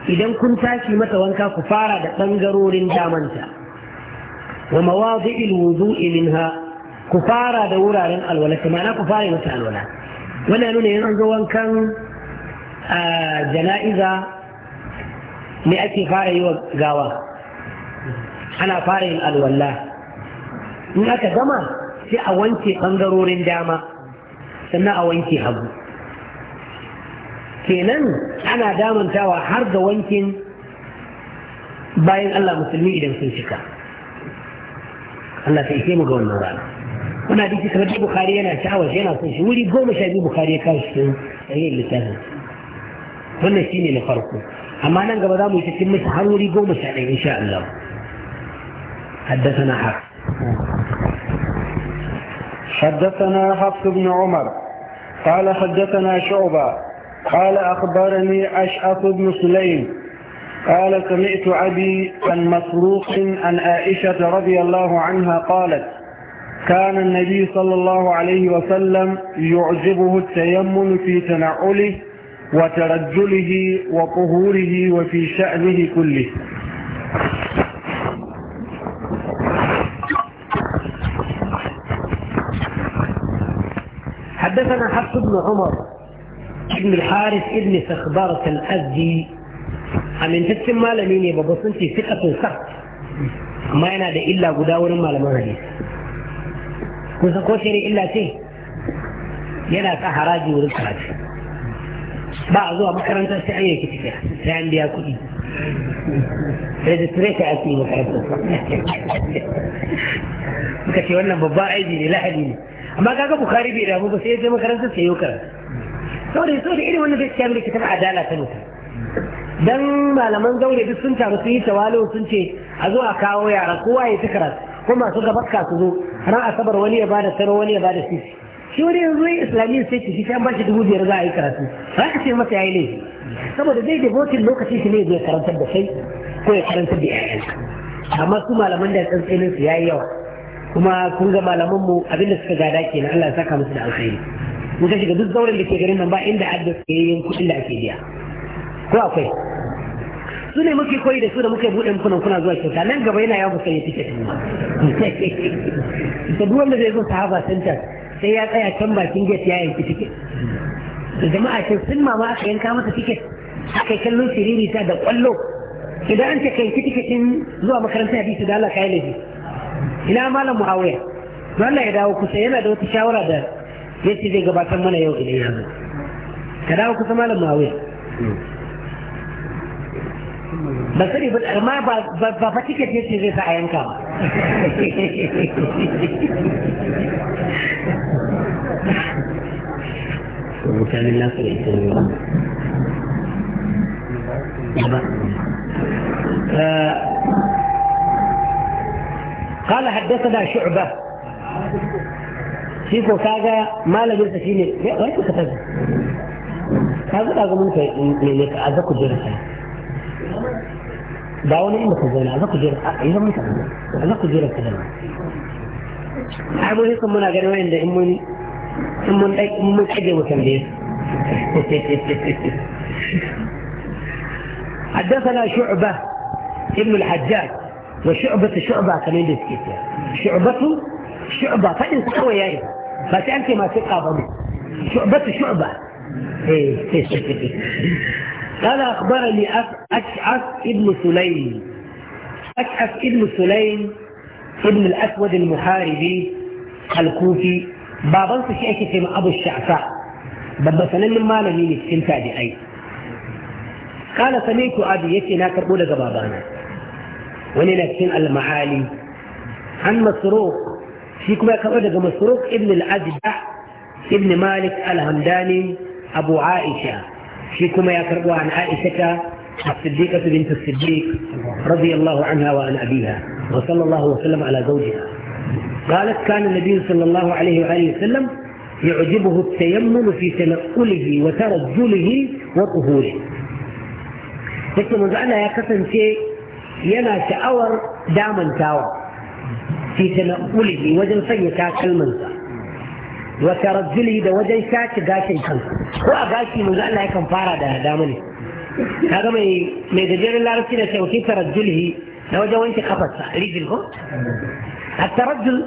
idan kun tashi mata wanka ku fara da ɓangarorin damanta wa mawadi'il wudu'i minha ku fara da wuraren alwala ta ma'ana ku fara mata alwala wannan nuna yin an zo wankan jana'iza ne ake fara yi wa gawa ana fara yin alwala in aka gama sai a wanke ɓangarorin dama sannan a wanke hagu kenan ana damantawa har ga wankin bayan Allah musulmi idan sun cika Allah sai ke mu ga wannan rana wani hadisi kamar da bukari yana sha'awar yana son shi wuri goma sha biyu bukari ya kawo shi cikin sahihin littafin wannan shine na farko amma nan gaba za mu yi cikin masa har wuri goma sha ɗaya insha Allah na حق حدثنا حفص بن عمر قال حدثنا شعبة قال أخبرني أشعث بن سليم قال سمعت أبي عن مسروق عن عائشة رضي الله عنها قالت كان النبي صلى الله عليه وسلم يعجبه التيمم في تنعله وترجله وطهوره وفي شأنه كله حدثنا حفص بن عمر ابن الحارث ابن سخبارة الأزدي عمين تتسمى لميني ببصنتي ثقة سخت ما ينادى إلا قداور ما لم يحدث وسكوشري إلا تيه يلا كهراجي ورسالات بعضها مكرا انت سعيه كتفيه سعيه بيها كل ريجستريك اسمي مكرا انت سعيه كتفيه كتفيه وانا ببا عيدي لا حديني amma kaga bukari bai damu ba sai ya je makarantar sai yau karatu saboda da irin wannan bai ciyar da kitab adala ta mutum dan malaman zaure duk sun taru sun yi tawalo sun ce a zo a kawo yara kowa ya ta karatu ko masu ka su zo ran asabar wani ya bada saro wani ya bada sisi shi wani yanzu yin islamiyya sai ki ta bashi dubu biyar za a yi karatu za ka ce masa ya yi laifi saboda zai da botin lokacin shi ne zai karantar da kai ko ya karantar da yayan amma su malaman da ya tsantsenin su yi yawa kuma kun ga malaman mu abinda suka gada kenan Allah ya saka musu da alkhairi mun ka shiga duk zauren da ke garin nan ba inda adda tsayayyen kuɗin da ake biya ko akwai su ne muke koyi da su da muke buɗe muku kuna zuwa kyauta nan gaba yana yawon sanya tiket da duk wanda zai zo sahaba center sai ya tsaya can bakin gate ya yanki tiket da jama'a can sun mama aka yanka masa tiket aka yi kallon ta da kwallo idan an ce ka yanki tiketin zuwa makarantar hadisi da Allah ka yi laifi ina malam muawiya don ya dawo kusa yana da wata shawara da yace zai gabatar mana yau idan ya zo ka dawo kusa malam muawiya ba sani ba amma ba fa tiket yace zai sa a yanka ba ita ne ba eh, قال حدثنا شعبة شيخ وكاجا ما لجلت فيني إيه، غيرت كتابة هذا لازم انت من أذكر جرسة داوني إما زين أذكر جرسة آه، إذا منك أذكر جرسة كذلك أبو هيك من أجرم عند أمي ثم من أي من حاجة وتنبيه حدثنا شعبة ابن الحجاج وشعبة شعبة كمين دسكتها يعني. شعبة شعبة فإن سوى يا إيه بس أنت ما تقع ضمي شعبة شعبة إيه، إيه، إيه، قال أخبر لي أشعث ابن سليم أشعث ابن سليم ابن الأسود المحاربي الكوفي بابا انت شئك في أبو الشعفاء بابا سنن ما لمين السنتاج أي قال سميت أبي يتي ناكر أولا قبابانا wani na cikin almahali an masruq shi kuma ya karɓo daga masruq ibn al-ajda ibn malik al-hamdani abu aisha shi kuma ya karɓo an aisha ta as-siddiqa الصديقة بنت الصديق رضي الله عنها وعن أبيها وصلى wa وسلم على زوجها قالت كان النبي صلى الله عليه وآله وسلم يعجبه التيمم في تنقله وترجله وطهوره لكن من manzo يا ya شيء yana sha'awar damantawa fi tana'ulihi wajen sanya takalmansa wa tarajjuli da wajen shaci gashin kansa ko a gashi mun Allah ya kan fara da dama ne kaga mai mai gajeren larabci da tauki tarajjulihi da wajen wanke kafarsa rijil ko a الترجل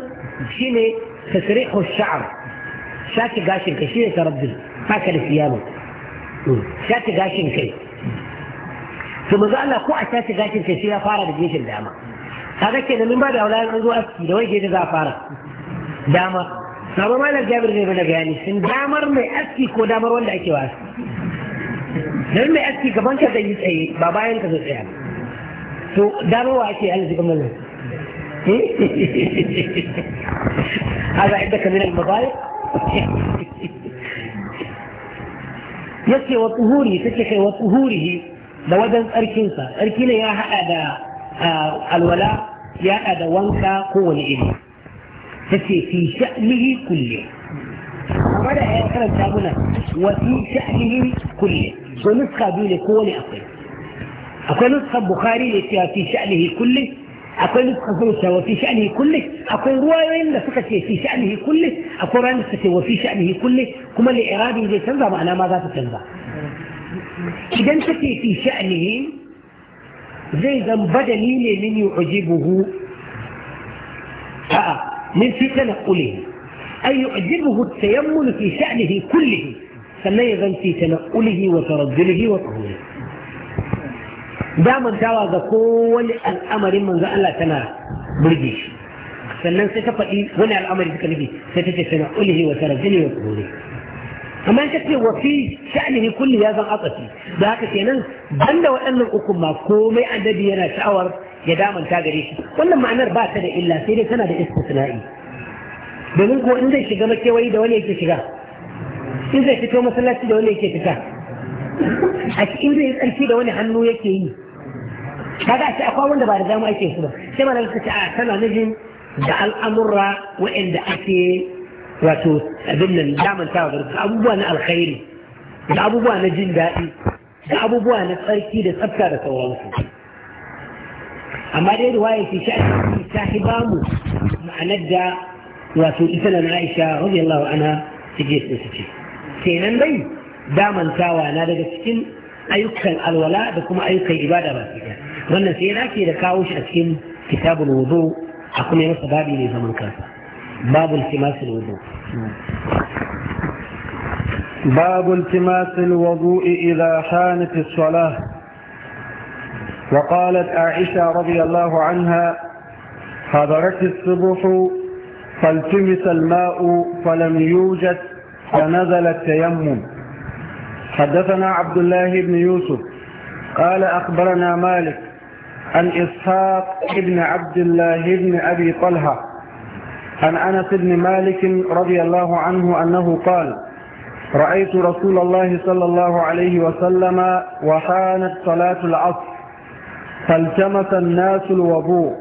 شيء تسريح الشعر شاكي قاشن كشيء haka da siyama شاكي gashin kai to manzo Allah ko a tashi gashin kai sai ya fara da geshin dama kaga ke da min ba da aula an zo aski da waje da za a fara dama sabo malam Jabir ne da bayani shin damar mai aski ko damar wanda ake wa aski dan mai aski gaban ka zai yi tsaye ba bayan ka zai tsaya to damar wa ake alzi kuma nan هذا عندك من المضايق يكفي وطهوره تكفي وطهوره da wajen tsarkinsa tsarki ne ya haɗa da alwala ya haɗa da wanka kowane iri ta ce fi sha'nihi kulle kuma da ya karanta muna wa fi sha'nihi kulle so nuska biyu ne kowane akwai akwai nuskar bukari ne cewa fi sha'nihi kulle akwai nuskar zuciya wa fi sha'nihi kulle akwai ruwayoyin da suka ce fi sha'nihi kulle akwai ruwayoyin da suka ce wa fi sha'nihi kulle kuma li'irabin zai canza ma'ana ma za ta canza إذا تأتي في شأنهم زيدا بدليل من يعجبه ها آه، من في تنقله أن يعجبه التيمن في شأنه كله فميزا في تنقله وترجله وطهوره دائما تعالى كل الأمر من ذا الله تنار برديش فلن ستفقي ولا الأمر ذكر نبي ستتتنقله وترجله وطهوره amma ka ce wa fi sha'anihi kulli ya zan akasi da haka kenan banda waɗannan uku ma komai annabi yana sha'awar ya damanta gare shi wannan ma'anar ba ta da illa sai dai tana da istisna'i domin ko in zai shiga makewayi da wani yake shiga in zai fito masallaci da wani yake fita a cikin zai tsarki da wani hannu yake yi kaga a ce akwai wanda ba da dama ake su ba sai ma ta ce tana nufin da al'amura waɗanda ake wato abin nan damantawa gare da abubuwa na alkhairi da abubuwa na jin daɗi da abubuwa na tsarki da tsafta da sauransu amma dai ruwaya ce sha'ani ta hiba mu ma'anar da wato ita na Aisha radiyallahu anha take so su ce kenan dai damantawa na daga cikin ayyukan alwala da kuma ayyukan ibada ba su wannan sai na ke da kawo shi a cikin kitabul wudu a kuma masa babi ne zaman kansa باب التماس الوضوء باب التماس الوضوء إذا حانت الصلاة وقالت عائشة رضي الله عنها حضرت الصبح فالتمس الماء فلم يوجد فنزل التيمم حدثنا عبد الله بن يوسف قال أخبرنا مالك عن إسحاق بن عبد الله بن أبي طلحة عن أنس بن مالك رضي الله عنه أنه قال رأيت رسول الله صلى الله عليه وسلم وحانت صلاة العصر فالتمس الناس الوضوء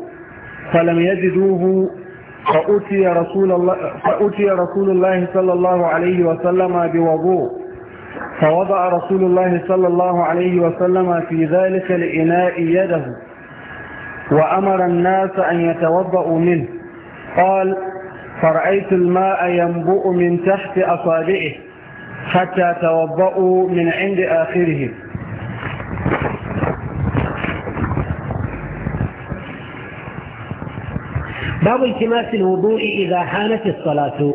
فلم يجدوه فأتي رسول الله, فأتي رسول الله صلى الله عليه وسلم بوضوء فوضع رسول الله صلى الله عليه وسلم في ذلك الإناء يده وأمر الناس أن يتوضأوا منه قال فرأيت الماء ينبوء من تحت أصابعه حتى توضأوا من عند آخره باب التماس الوضوء إذا حانت الصلاة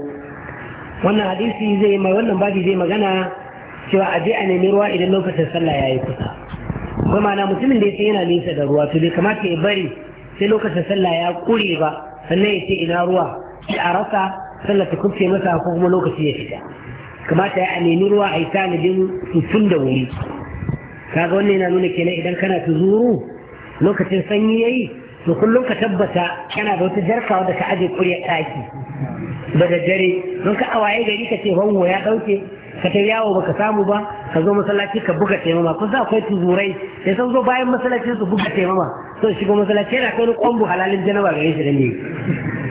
wannan hadisi zai mai wannan babi zai magana cewa a je a nemi ruwa idan lokacin sallah ya yi kusa kuma mana mutumin da yake yana nesa da ruwa to bai kamata ya bari sai lokacin sallah ya kure ba sannan ya ce ina ruwa a rasa sallar ta kufce masa ko kuma lokaci ya fita kamata ya nemi ruwa a yi talibin tun da wuri kaga wannan yana nuna kenan idan kana tuzuru lokacin sanyi yayi to kullum ka tabbata kana da wata jarka wadda ka aje kurya ɗaki da daddare don ka awaye gari ka ce bango ya ɗauke ka ta yawo baka samu ba ka zo masallaci ka buga taimama kun sa akwai tuzurai sai san zo bayan masallacin su buga taimama so shigo masallaci yana kai ni kwambo halalin janaba gare shi da ne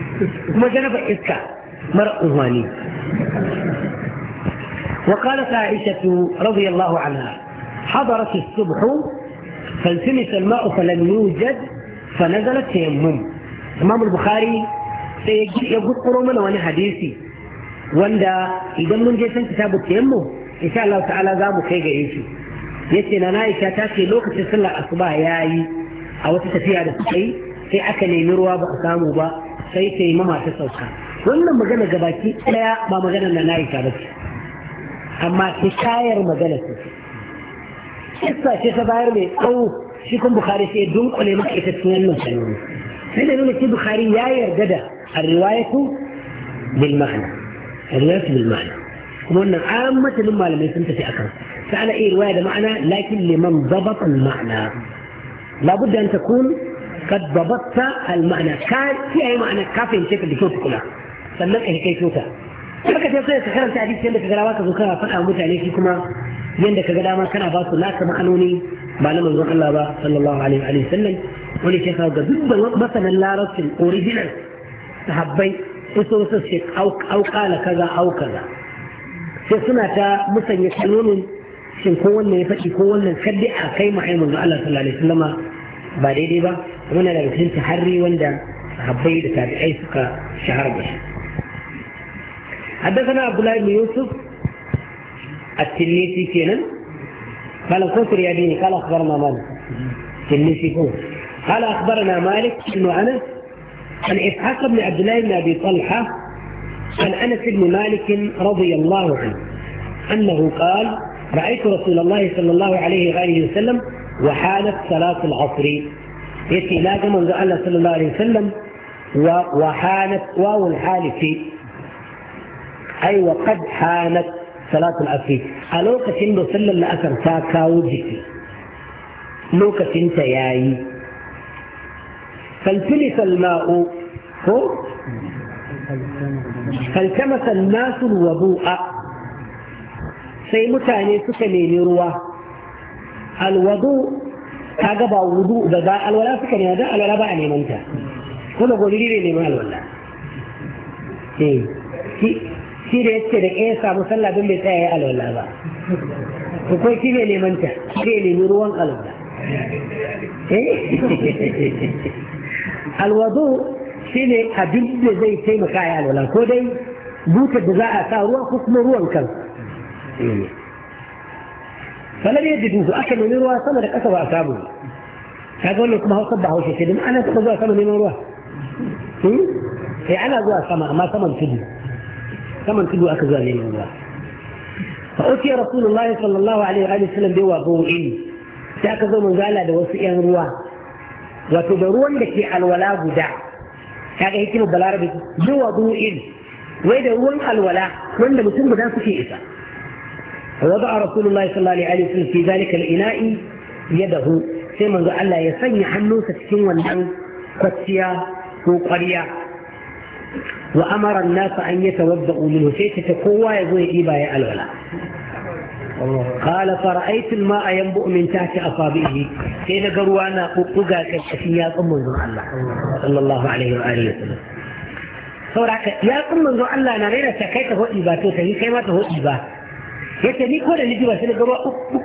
وما جنب إسكا مرء أهواني وقالت عائشة رضي الله عنها حضرت الصبح فالتمس الماء فلم يوجد فنزلت تيمم إمام البخاري سيجي يقول قروما وانا حديثي وان دا إذا من جيسان كتاب التيمم إن شاء الله تعالى ذابو كي جيسي يتنا نائشة تاتي لوك تسلع أصباح ياي أو تتفيها دا في اكل مروا بأسامه بأسامه sai ta yi mama ta sauka wannan magana ga baki ɗaya ba magana na na aisha ba amma amma shayar magana ce kissa ce ta bayar mai tsawo shi kun bukhari sai dunkule maka ita cikin wannan sanoni sai da nuna shi bukhari ya yarda da bil bil الرواية بالمعنى الرواية بالمعنى ومن عامة لما لم يسمت في أكرم فعلى أي رواية معنى لكن لمن ضبط المعنى لابد an takun قد ضبطت المعنى كان في أي معنى كافي شكل بصوت كلها sannan ka kai tota haka sai sai ka karanta hadisi yadda kaga dama ka zo kana faɗa mutane shi kuma yadda kaga dama kana ba su naka ma'anoni ba na manzon Allah ba sallallahu alaihi wa sallam wani ke kawo ga duk masanan larabcin original sahabbai iso wasu ce auƙala kaza au kaza sai suna ta musanya kanonin shin ko wannan ya faɗi ko wannan kaddi a kai ma'ai manzon Allah sallallahu alaihi wa sallama ba daidai ba هنا لا يمكن تحري ولا sahabbai da tabi'ai suka shahara حدثنا عبد الله بن يوسف التلميذي كينا قال الكفر يا ديني قال اخبرنا مالك التلميذي هو قال اخبرنا مالك بن انس عن اسحاق بن عبد الله بن ابي طلحه عن انس بن مالك رضي الله عنه انه قال رايت رسول الله صلى الله عليه واله وسلم وحالت صلاه العصر يأتي لا جمع الله صلى الله عليه وسلم وحانت واو الحال في أي وقد حانت صلاة العصر ألوك تندو صلى الله وسلم ساكا وجهي لوك تنت ياي فالتلس الماء هو فالتمس الناس الوضوء سيمتاني mutane روى الوضوء kaga ba wudu da ba alwala suka ne da alwala ba a neman ta kuma gori ne neman alwala eh shi da yace da ya samu sallah din bai tsaya ya alwala ba ko kai shi ne neman ta shi ne ruwan alwala eh alwudu shi ne abin da zai taimaka ya alwala ko dai butar da za a sa ruwa ko kuma ruwan kan eh. فلم يجد منه اكل من يروى ثمن كسب اثابه فقال لك ما هو صبح وشي كذب انا اخذ ثمن من يروى إيه، في انا اخذ ثمن ما ثمن كذب ثمن كذب اخذ من يروى فأتي رسول الله صلى الله عليه وآله وسلم بوا بوئي تأكذوا من ذالة دوسئي أنروا وتدرون لك الولاء بدع هذا هيكين بالعربي بوا بوئي ويدرون الولاء وإن لم تنبدا سكي إسا فوضع رسول الله صلى الله عليه وسلم في ذلك الإناء يده ثم قال لا يسني حنو ستكين والدن كتيا وقريا وأمر الناس أن يتوضأوا منه سيتة تتقوى يقول إيبا يا الولا قال فرأيت الماء ينبؤ من تحت أصابعه سيدة قروانا قوقا كالحسيا أم الله صلى الله عليه وآله وسلم saboda haka ya kun manzo Allah na rena ta kai ta hoɗi يتنيك ولا اللي جواه سنة قبل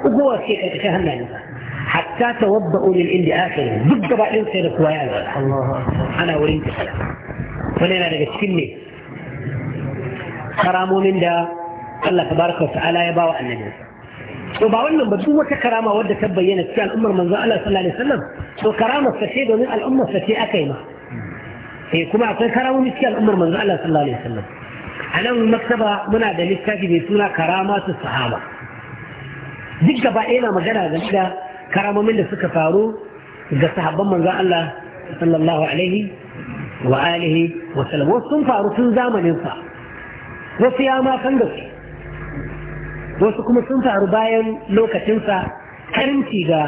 وقوة شيء تفهمنا نفسه حتى توضأوا للإندي آخر ضد بقى الإنسان الله أنا وإنت سلام ولينا نجد كرامو من دا الله تبارك وتعالى يباوى النجاة سو باول من بدو كرامه ود تبين السال أمر من زال الله صلى الله عليه وسلم سو كرامه فسيد من الامه فتي كيما هي كما اكو كرامه مثل عمر من زال الله صلى الله عليه وسلم a nan maktaba muna da littafi mai suna karamatu sahaba duk gaba ɗaya na magana game da karamomin da suka faru ga sahabban manzon Allah sallallahu alaihi wa alihi wa sallam wasu sun faru tun zamanin sa wasu ya ma san da su wasu kuma sun faru bayan lokacin sa. karimci ga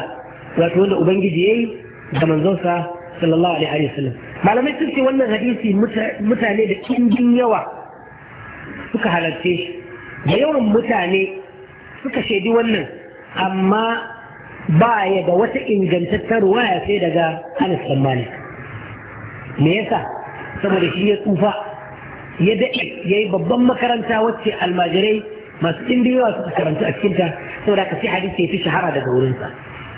wato wanda ubangiji yayi da manzonsa sallallahu alaihi wa sallam malamai sun ce wannan hadisi mutane da kingin yawa suka halarce da yawan mutane suka shaidi wannan amma ba ya da wata ingantattar waya sai daga Anas bin Malik me yasa saboda shi ya tsufa ya daɗe ya yi babban makaranta wacce almajirai masu ɗimbi yawa suka karanta a cikinta saboda ka sai hadisi ya fi shahara daga wurinsa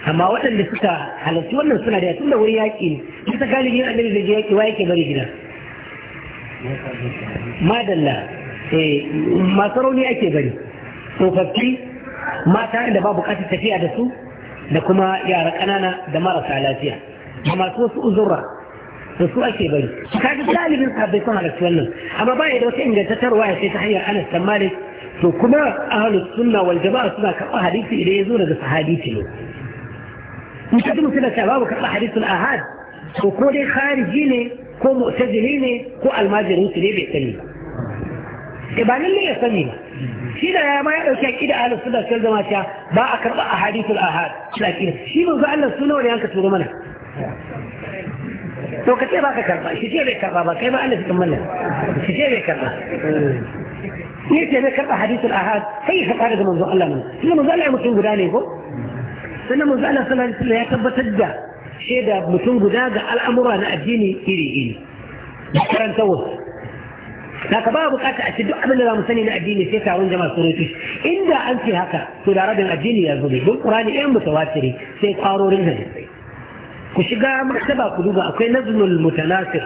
amma waɗanda suka halarci wannan suna da da wuri yaƙi ne kusa galibin annabi da yaƙi wa yake bari gida madalla eh rauni ake gani tsofaffi mata da babu bukatar tafiya da su da kuma yara ƙanana da marasa lafiya da masu wasu uzurra da su ake bari kaga galibin sahabbai sun halarci wannan amma ba ya da wata ingantattarwa ya sai ta hanyar anas dan malik to kuma ahlus sunna wal jama'a suna karɓar hadisi idan ya zo daga sahabi ne in ka ji mutum da ta babu karɓar hadisul ahad to ko dai khariji ne ko mu'tazili ne ko almajirin su ne bai sani ba e ba lalle ya sani ba shi da ya ma ya dauki aqida ahlus sunna sai zama ta ba a karba ahadithul ahad shi aqida shi manzo Allah sunna wani yanka turo mana to kace ba ka karba shi ce bai karba ba kai ba Allah cikin mallan shi ce bai karba ne ce bai karba hadithul ahad sai ya fara da manzo Allah mana shi manzo Allah mutum guda ne ko sannan manzo Allah sallallahu alaihi wasallam ya tabbatar da shaida mutum guda ga al'amura na addini iri iri karantawa haka ba bukata a ce duk abin da za mu sani na addini sai taron jama'a surutu inda an ce haka to da rabin addini ya zube don qur'ani ɗayan mutawatiri sai kwarorin hadisai ku shiga maktaba ku duba akwai nazmul mutanasir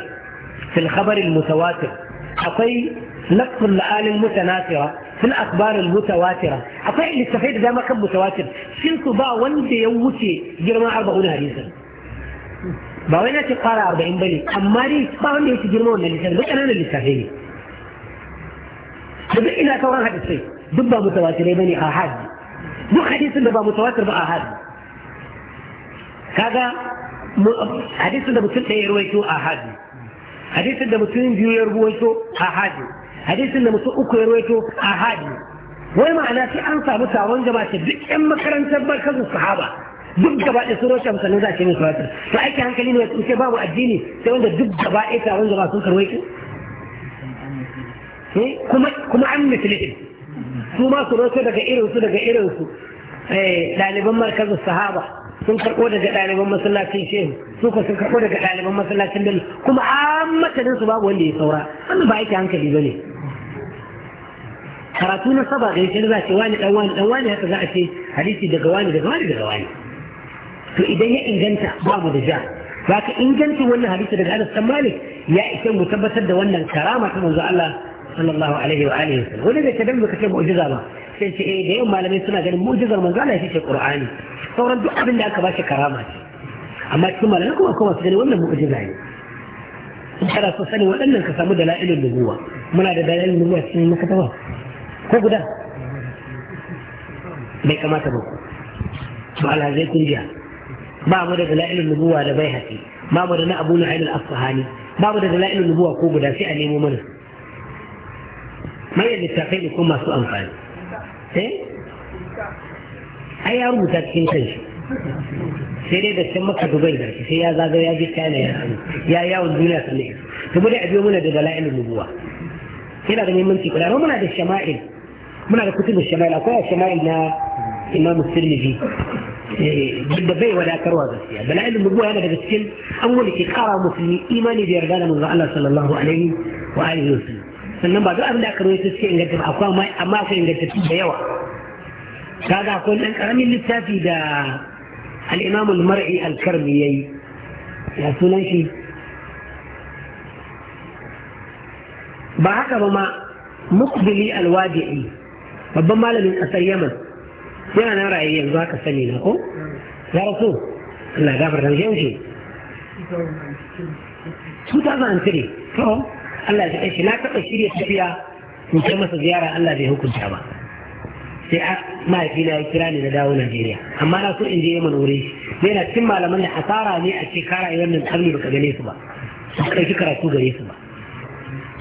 fil khabar al mutawatir akwai nafsul la'al al mutanasira fil akhbar al mutawatira akwai littafai da dama kan mutawatir shin su ba wanda ya wuce girman 40 hadisan ba wai na ce fara 40 bane amma dai ba wanda ya ci girman wannan littafin duk ƙananan littafai ne da duk ina sauran hadisai duk ba mutawatirai bane a hadi duk hadisin da ba mutawatir ba a hadi kaga hadisin da mutum ɗaya ya ruwaito a hadi hadisin da mutum biyu ya ruwaito a hadi hadisin da mutum uku ya ruwaito a hadi wai ma'ana sai an samu taron gaba ta duk yan makarantar barkar sahaba duk gaba ɗaya sun roce musallin za a ce musu watar to aiki hankali ne wasu ke babu addini sai wanda duk gaba ɗaya taron gaba sun karwaito kuma an mislihin su ma su rasu daga irinsu daga irinsu eh, ɗaliban markazin sahaba sun karɓo daga ɗaliban masallacin shehu su ka sun karɓo daga ɗaliban masallacin bello kuma an matanin su babu wanda ya saura wannan ba aiki hankali ba ne karatu na saba ga yake za a ce wani dan wani dan wani haka za a ce hadisi daga wani daga wani daga wani to idan ya inganta babu da ja ba ka inganta wannan hadisi daga Anas Malik ya isa mu tabbatar da wannan karama ta manzo Allah صلى الله عليه وآله وسلم ولذا تدمج كتب معجزة الله في شيء ده وما لم يسمع ذلك معجزة من قال هي شيء قرآني فورا دعاء من ذاك باش كرامات أما ثم لكم أقوم في ذلك ولم معجزة يعني سبحانه وتعالى وأن الكسام دلائل النبوة من هذا دلائل النبوة سنة كتبه هو كده بيك ما تبوك وعلى هذه الكنجة ما مر دلائل النبوة لبيهتي ما مرنا أبونا عين الأصحاني ما مر دلائل النبوة كوبدا سئني ممنه ما هي التعقيد يكون مسوء أنفال إيه أي أرمو تاتكين تنشو سيري دا سمكة دبي دارك سيري يا زادو يا بي كان يا يا يا ودينا سنئ ثم دي عبيومونا دي دلائل النبوة هنا غني من تيكو لأنه من هذا الشمائل من هذا كتب الشمائل أقول الشمائل نا إمام السلمي إيه، دبي ولا كروا ذاتيا بل علم نبوه أنا بدأت أول كي قرأ مسلمي إيماني بيردان من الله صلى الله عليه وآله وسلم sannan ba duk abin da aka rawaito suke inganta ba akwai amma akwai ingantattu da yawa kaga akwai dan karamin littafi da al-imam al-mar'i al-karmi yayi ya sunan shi ba haka ba ma mukbili al-wadi'i babban malamin kasar yaman yana nan raye yanzu haka sani na ko ya rasu Allah ya gafarta shi yaushe 2003 to Allah ya shi na taɓa shirya tafiya in kai masa ziyara Allah bai hukunta ba sai a mahaifina ya kira ni na dawo Najeriya amma na so in je Yemen wuri sai na cin malaman da asara ne a ce kara yi wannan karni baka gane su ba su ɗauki karatu gare su ba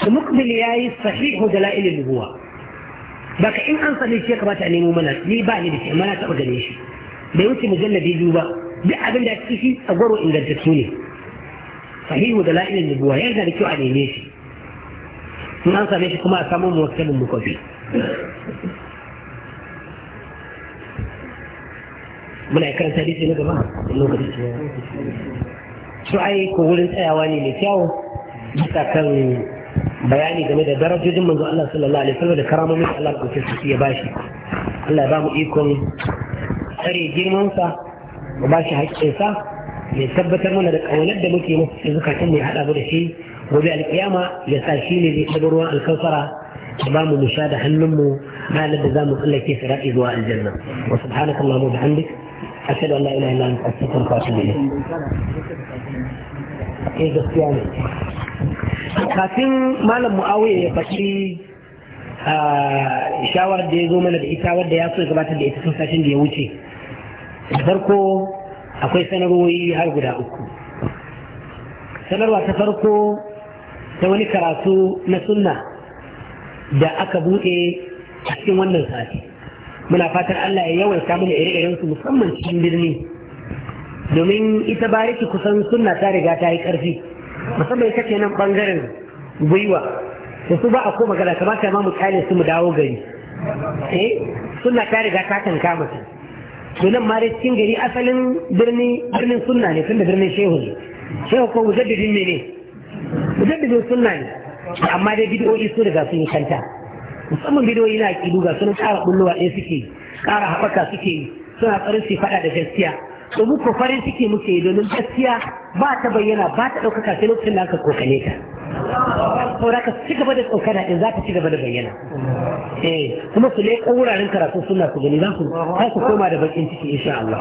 su mukbil ya yi sahihu da dala'ilin nubuwa baka in an sani shi ya kamata a nemo mana ni ba ni da shi amma na taɓa gane shi bai wuce mujalladi biyu ba duk abin da ake shi tsagwaro ingantattu ne sahihu da la'ilin nubuwa yana da kyau a neme shi nan sami shi kuma a samu muwakkalin mu kwafi yi karanta hadisi na gaba ciwo su ai ko wurin tsayawa ne mai kyau bisa kan bayani game da darajojin manzo Allah sallallahu alaihi wasallam da karamomin Allah ko kuke su ya bashi Allah ya ba mu ikon tsare girmansa mu bashi sa. mai tabbatar mana da ƙaunar da muke musu cikin zukatan mai haɗa mu da shi gobe alƙiyama ya sa shi ne zai taɓa ruwan alkawfara da ba mu musha da hannunmu ranar da za mu tsallake su raɗi zuwa aljanna wa subhanaka allahumma wa bihamdik ashhadu an la ilaha illa anta astaghfiruka wa atubu ilayk eh gaskiya ne kafin malam muawiya ya faɗi shawarar da ya zo mana da ita wadda ya so ya gabatar da ita tun sashen da ya wuce da farko akwai sanarwoyi har guda uku sanarwa ta farko ta wani karatu na sunna da aka buɗe a cikin wannan sati muna fatan Allah ya yawaita mana ire-iren su musamman cikin birni domin ita bariki kusan sunna ta riga ta yi ƙarfi musamman ita ce nan ɓangaren gwiwa da su ba a ko magana kamata ma mu kyale su mu dawo gari eh sunna ta riga ta kankama ta to ma dai cikin gari asalin birni birnin sunna ne tun da birnin shehu ne shehu ko mujaddidin ne ne mujaddidin sunna ne amma dai bid'o'i su daga sun yi kanta musamman bid'o'i na aƙidu ga sun ƙara ɓullowa ɗaya suke ƙara haɓaka suke suna tsarin su faɗa da gaskiya domin ko farin ciki muke yi domin gaskiya ba ta bayyana ba ta ɗaukaka sai lokacin da aka kokane ta saboda ka ci gaba da tsokana in za ta ci gaba da bayyana eh kuma su leƙo wuraren karatu suna su gani za su ku koma da bakin ciki insha Allah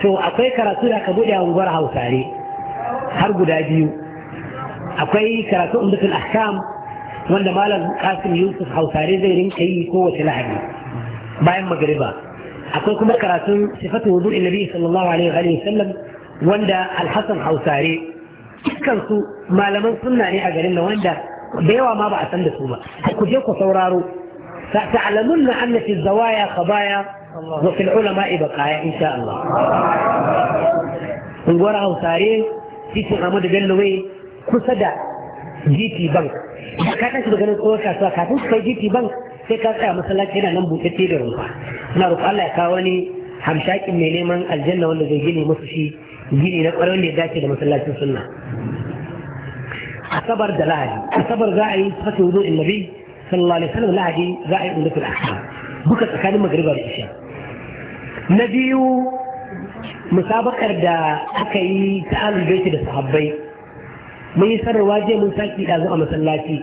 to akwai karatu da aka buɗe a unguwar Hausare har guda biyu akwai karatu umdatul ahkam wanda malam Kasim Yusuf Hausare zai rinka yi kowace Lahadi bayan magariba akwai kuma karatun sifatu wudu nabi sallallahu alaihi wa sallam wanda alhassan hausare dukkan su malaman sunna ne a garin nan wanda da yawa ma ba a san da su ba ku je ku sauraro na anna في الزوايا خبايا وفي العلماء بقايا إن insha allah ungwar hausare titin amadu bellowe kusa da gt bank ka tashi daga nan tsohon kasuwa kafin su kai gt bank sai ka tsaya masallaci yana nan buɗe da rumfa ina roƙon Allah ya kawo wani hamshakin mai neman aljanna wanda zai gini musu shi gini na ƙwarar da ya dace da masallacin sunna asabar da lahadi asabar za a yi fasin wudu in nabi sallallahu alaihi wasallam lahadi za a yi umar umratul ahkam duka tsakanin magriba da isha na biyu musabakar da aka yi ta alubaiti da sahabbai mun yi sarrafa je mun saki ɗazu a masallaci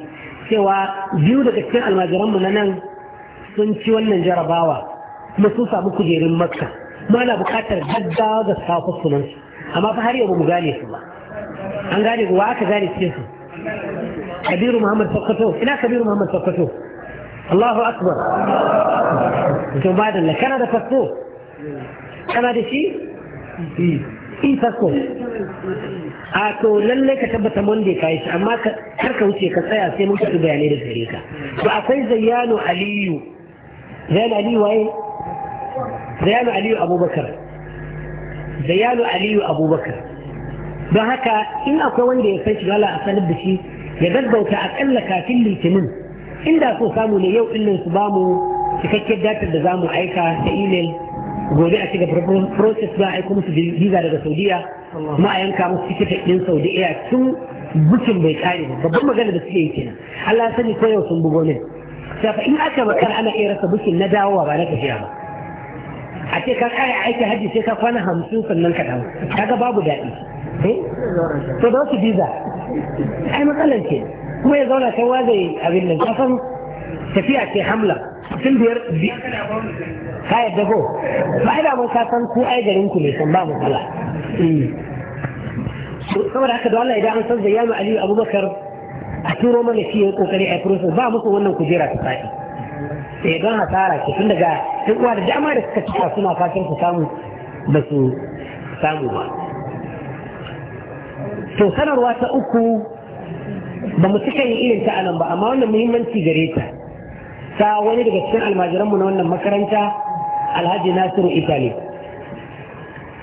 cewa biyu daga cikin almajiranmu na nan sun ci wannan jarabawa kuma sun samu kujerun makka kuma ana bukatar gaggawa ga safa sunan su amma fa har yau mu gane su ba an gane wa aka gane cikin su kabiru muhammad sokoto ina kabiru muhammad sokoto allahu akbar to madalla kana da fasto kana da shi isa a to lallai ka tabbata monday ka yi shi amma kar ka wuce ka tsaya sai mun kaɗu bayanai da gare ka to akwai zayyano aliyu zayyano aliyu waye zayyano aliyu abubakar zayyano aliyu abubakar don haka in akwai wanda ya san shi gala a sanar da shi ya gaggauta akalla kafin litinin inda so samu ne yau ɗin su mu cikakken datar da za mu aika ta imel gobe a cika process ba a kuma musu visa daga saudiya ma a yanka musu tiket din saudiya tun bukin bai kare ba babban magana da suke yi kenan Allah ya sani koyau sun bugo ne safa in aka bakar ana iya rasa bukin na dawowa ba na tafiya ba a ce ka aiki hajji sai ka kwana hamsin sannan ka dawo kaga babu daɗi eh? to da wasu visa ai matsalan ce kuma ya zauna ta wazai abin nan kafan tafiya ce hamla sun biyar ka yadda ko ba ina mun ka san ku ai garin ku ne san ba matsala mm. saboda haka da Allah idan an san Zayyano Aliyu Abubakar a turo mana shi ya kokari a process ba muku wannan kujera ta sai sai eh, don hasara ce tun daga duk uwa da dama da suka cika suna fatan su samu ba su samu ba to sanarwa ta uku ba mu cika yin irin ta anan ba amma wannan muhimmanci gare ta ta wani daga cikin almajiranmu na wannan makaranta alhaji nasiru itali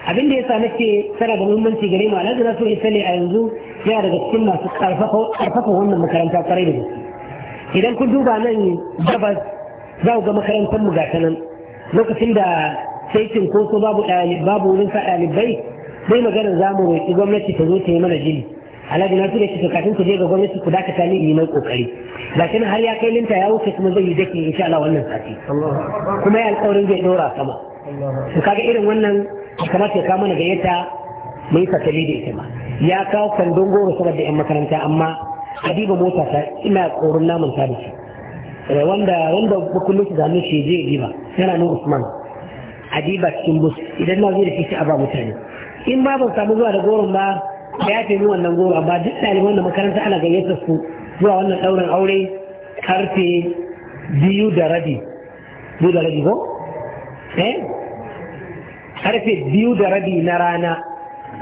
abin da ya sami ke tana da muhimmanci gare mu alhaji nasiru itali a yanzu yana daga cikin masu karfafa wannan makaranta kwarai da gaske idan kun duba nan gabas za ku ga makarantar mu gata nan lokacin da saitin ko so babu wurin sa ɗalibai sai maganar zamu roƙi gwamnati ta zo ta yi mana jini alhaji na da shi kafin ku je ga gwamnati ku dakata ni yi mai kokari gashi har ya kai linta ya wuce kuma zai yi dake insha Allah wannan sati kuma ya alƙawarin zai dora sama to kaga irin wannan kamata ya ka mana gayyata mu yi fatali da ita ma ya kawo kandon goro saboda yan makaranta amma Habiba mota ta ina tsoron namun ta dace eh, wanda wanda su zame shi je diba yana nan Usman Habiba cikin bus idan na zai da shi a ba mutane in ba ban samu zuwa da goron ba ya yafe wannan goro amma duk ɗaliban da makaranta ana gayyata su zuwa wannan ɗaurin aure karfe biyu da rabi biyu da rabi ko eh karfe biyu da rabi na rana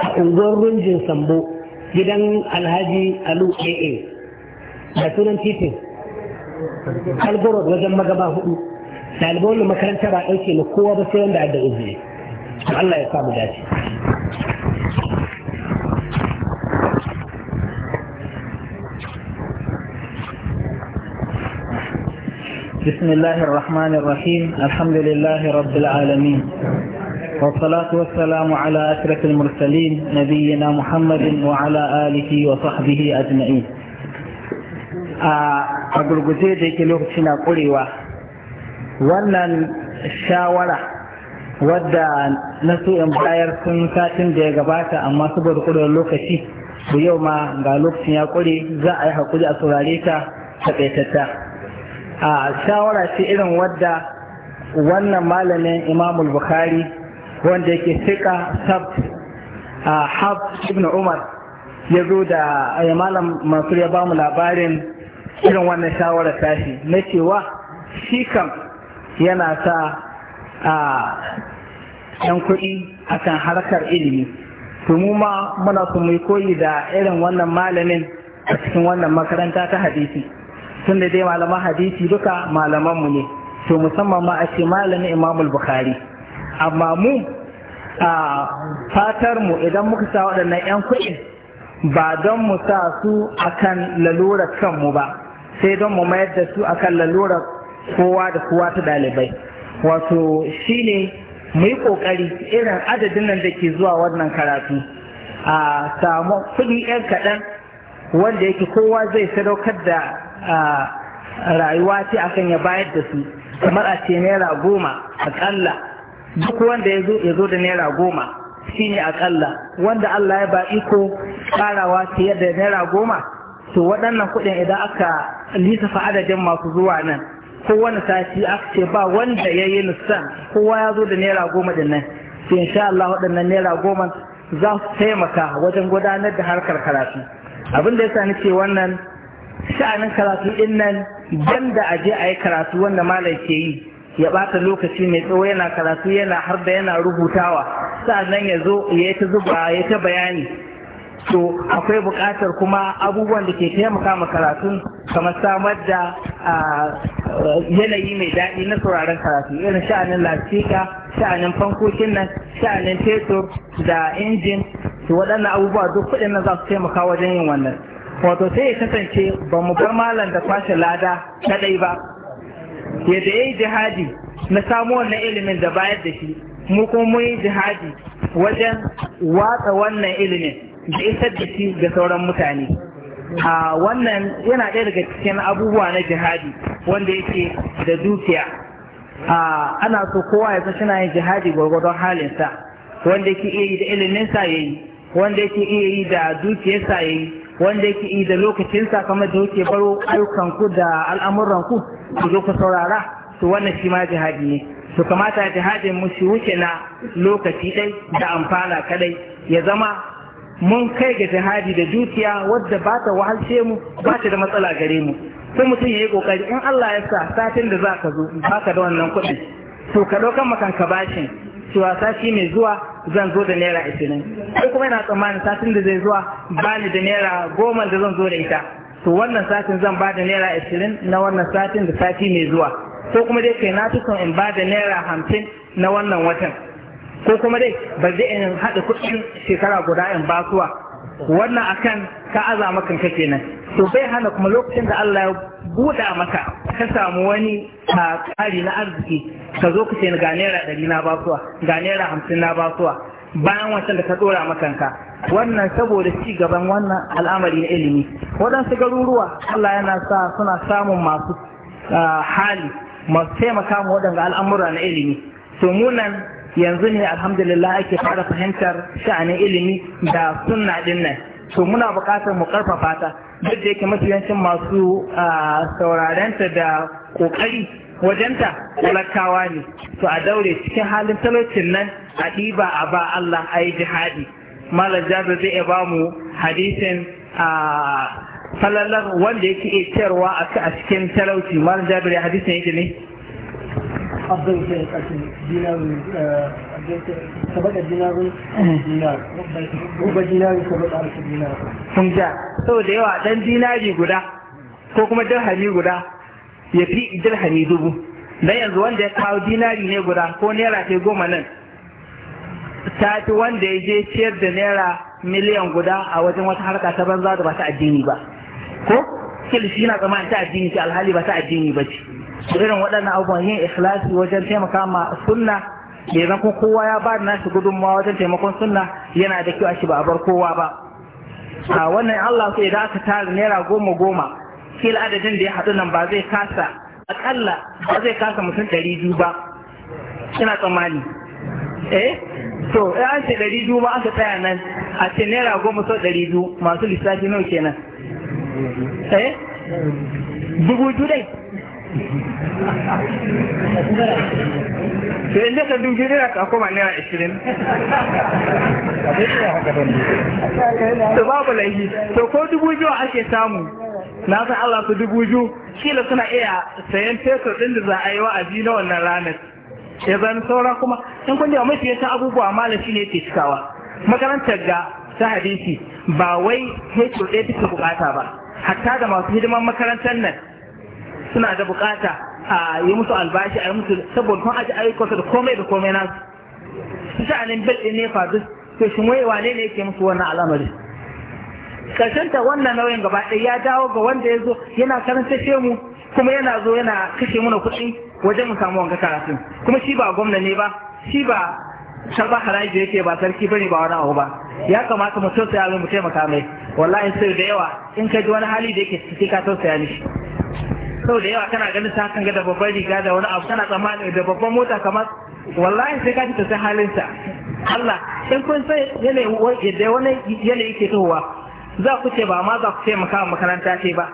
a unguwar runjin sambo gidan alhaji alu aa da sunan titin algorod wajen magaba hudu ɗaliban wannan makaranta ba ɗauke na kowa ba sai wanda a uzuri Allah ya samu dace بسم الله الرحمن الرحيم الحمد لله رب العالمين والصلاة والسلام على أشرف المرسلين نبينا محمد وعلى آله وصحبه أجمعين a gurguje da yake lokacina na ƙurewa wannan shawara wadda na so in bayar sun satin da ya gabata amma saboda ƙurewar lokaci to yau ma ga lokacin ya za a yi haƙuri a saurare ta taƙaitatta a shawara ce irin wadda wannan malamin imamul bukhari wanda yake sika sabt a hab ibn umar ya zo da ya eh, malam mansur ya bamu labarin irin wannan shawara tashi na cewa shi kam yana sa a yan kuɗi akan harkar ilimi to mu ma muna su mai koyi da irin wannan malamin a cikin wannan makaranta ta hadisi tun da dai malaman hadisi duka malaman mu ne to musamman ma a ce malamin imamul bukhari amma mu a fatar mu idan muka sa waɗannan 'yan kuɗi ba don mu sa su akan lalurar kanmu ba sai don mu mayar da su akan lalurar kowa da kowa ta ɗalibai wato shine mu yi ƙoƙari irin adadin nan da ke zuwa wannan karatu a samu kuɗi 'yan kaɗan wanda yake kowa zai sadaukar da A rayuwa ce akan ya bayar da su kamar a ce naira goma aƙalla, duk wanda ya zo ya zo da naira goma shine akalla wanda Allah ya ba iko karawa fiye da naira goma to waɗannan kuɗin idan aka lissafa adadin masu zuwa nan kowane sati aka ce ba wanda ya yi nisan kowa ya zo da naira goma din nan to insha Allah waɗannan naira goma za su taimaka wajen gudanar da harkar karatu abin da ya sa ce wannan sha'anin karatu din nan banda a je a yi karatu wanda malam ke yi ya bata lokaci mai tsawo yana karatu yana har da yana rubutawa sa'annan ya zo ya ta zuba ya ta bayani to akwai buƙatar kuma abubuwan da ke taimaka ma karatun kamar samar da yanayi mai daɗi na sauraron karatu irin sha'anin lasika sha'anin fankokin nan sha'anin fetur da injin to waɗannan abubuwa duk kuɗin nan za su taimaka wajen yin wannan wato sai ya kasance ba mu bar malam da kwashe lada kadai ba yadda ya yi jihadi na samu wannan ilimin da bayar da shi mu kuma mun yi jihadi wajen watsa wannan ilimin da isar da shi ga sauran mutane a wannan yana ɗaya daga cikin abubuwa na jihadi wanda yake da dukiya ana so kowa ya san shina yin jihadi gwargwadon halinsa wanda yake iya yi da iliminsa ya yi wanda yake iya yi da dukiyarsa ya yi wanda yake yi da lokacin kamar da yake baro ayyukanku da al'amuran ku zo ku saurara to wannan shi ma jihadi ne to kamata jihadin mu shi wuce na lokaci dai da amfana kaɗai, ya zama mun kai ga jihadi da dukiya wadda ba ta wahalce mu ba ta da matsala gare mu sai mutum ya yi kokari in Allah ya sa satin da za ka zo ba ka da wannan kuɗi, to ka ɗaukan makanka bashin cewa sati mai zuwa zan zo da naira ishirin sai kuma yana tsammanin satin da zai zuwa bani da naira goma da zan zo da ita to wannan satin zan ba da naira ashirin na wannan satin da sati mai zuwa ko kuma dai kai na fi in ba da naira hamsin na wannan watan ko kuma dai ba zai in haɗa kuɗin shekara guda in ba basuwa wannan akan ka aza makan kake nan to bai hana kuma lokacin da Allah ya buɗa maka ka samu wani tsari na arziki ka zo ka ce ga naira ɗari na basuwa ga naira hamsin na basuwa bayan wancan da ka ɗora makanka wannan saboda ci gaban wannan al'amari na ilimi waɗansu garuruwa Allah yana sa suna samun masu hali masu taimaka ma waɗanda al'amura na ilimi to munan yanzu ne alhamdulillah ake fara fahimtar sha'anin ilimi da sunna ɗin So muna bukatar mu karfafa ta duk da yake yancin masu saurarenta da ƙoƙari wajenta talakawa ne to a daure cikin halin talaucin nan a ɗiba a ba Allah a yi jihadi malam jabir zai ba mu hadisin falalar wanda yake iya a cikin talauci malam jabir hadisin yake ne sun ja sau da yawa dan dinari guda ko kuma dirhami guda ya fi dirhami dubu dan yanzu wanda ya kawo dinari ne guda ko naira ce goma nan ta fi wanda ya je ciyar da naira miliyan guda a wajen wata harka ta banza da ba ta addini ba ko kilishi na zama ta addini ce alhali ba ta addini ba ce irin waɗannan abubuwan yin ikhlasi wajen taimaka ma sunna ke zan ko kowa ya ba da nashi gudunmawa wajen taimakon sunna yana da kyau a shi ba a bar kowa ba a wannan Allah sai da aka tara naira goma goma shi adadin da ya haɗu nan ba zai kasa akalla ba zai kasa mutum ɗari biyu ba ina tsammani eh to eh an ce ɗari biyu ba aka tsaya nan a ce naira goma sau ɗari biyu masu lissafi nawa kenan eh dubu biyu dai sai in ka dubi naira ka koma naira ishirin. to babu laifi to ko dubu biyu ake samu na san Allah su dubu biyu kila suna iya sayan fetur ɗin da za a yi wa'azi na wannan ranar ya zan saura kuma in kun wa mafi yasa abubuwa shi ne ke cikawa makarantar ga ta hadisi ba wai fetur ɗaya take bukata ba hatta da masu hidiman makarantar nan suna da bukata a yi musu albashi a yi musu saboda kuma aji ayyukansu da komai da komai nasu sha'anin bil ɗin ne fadu to shin waye wane ne yake musu wannan al'amari karshen ta wannan nauyin gaba ɗaya ya dawo ga wanda ya zo yana karanta mu kuma yana zo yana kashe mana kuɗi wajen mu samu wanga karatu kuma shi ba gwamna ne ba shi ba sharba haraji yake ba sarki bane ba wani abu ba ya kamata mu tausaya mai mu taimaka mai wallahi sai da yawa in ka ji wani hali da yake cikin ka tausaya mishi sau da yawa kana ganin ta ga da babban riga da wani abu kana tsammani da babban mota kamar wallahi sai ka ji ta halinta Allah in kun sai yanayin yadda wani yanayi ke tahowa za ku ce ba ma za ku taimaka makaranta ce ba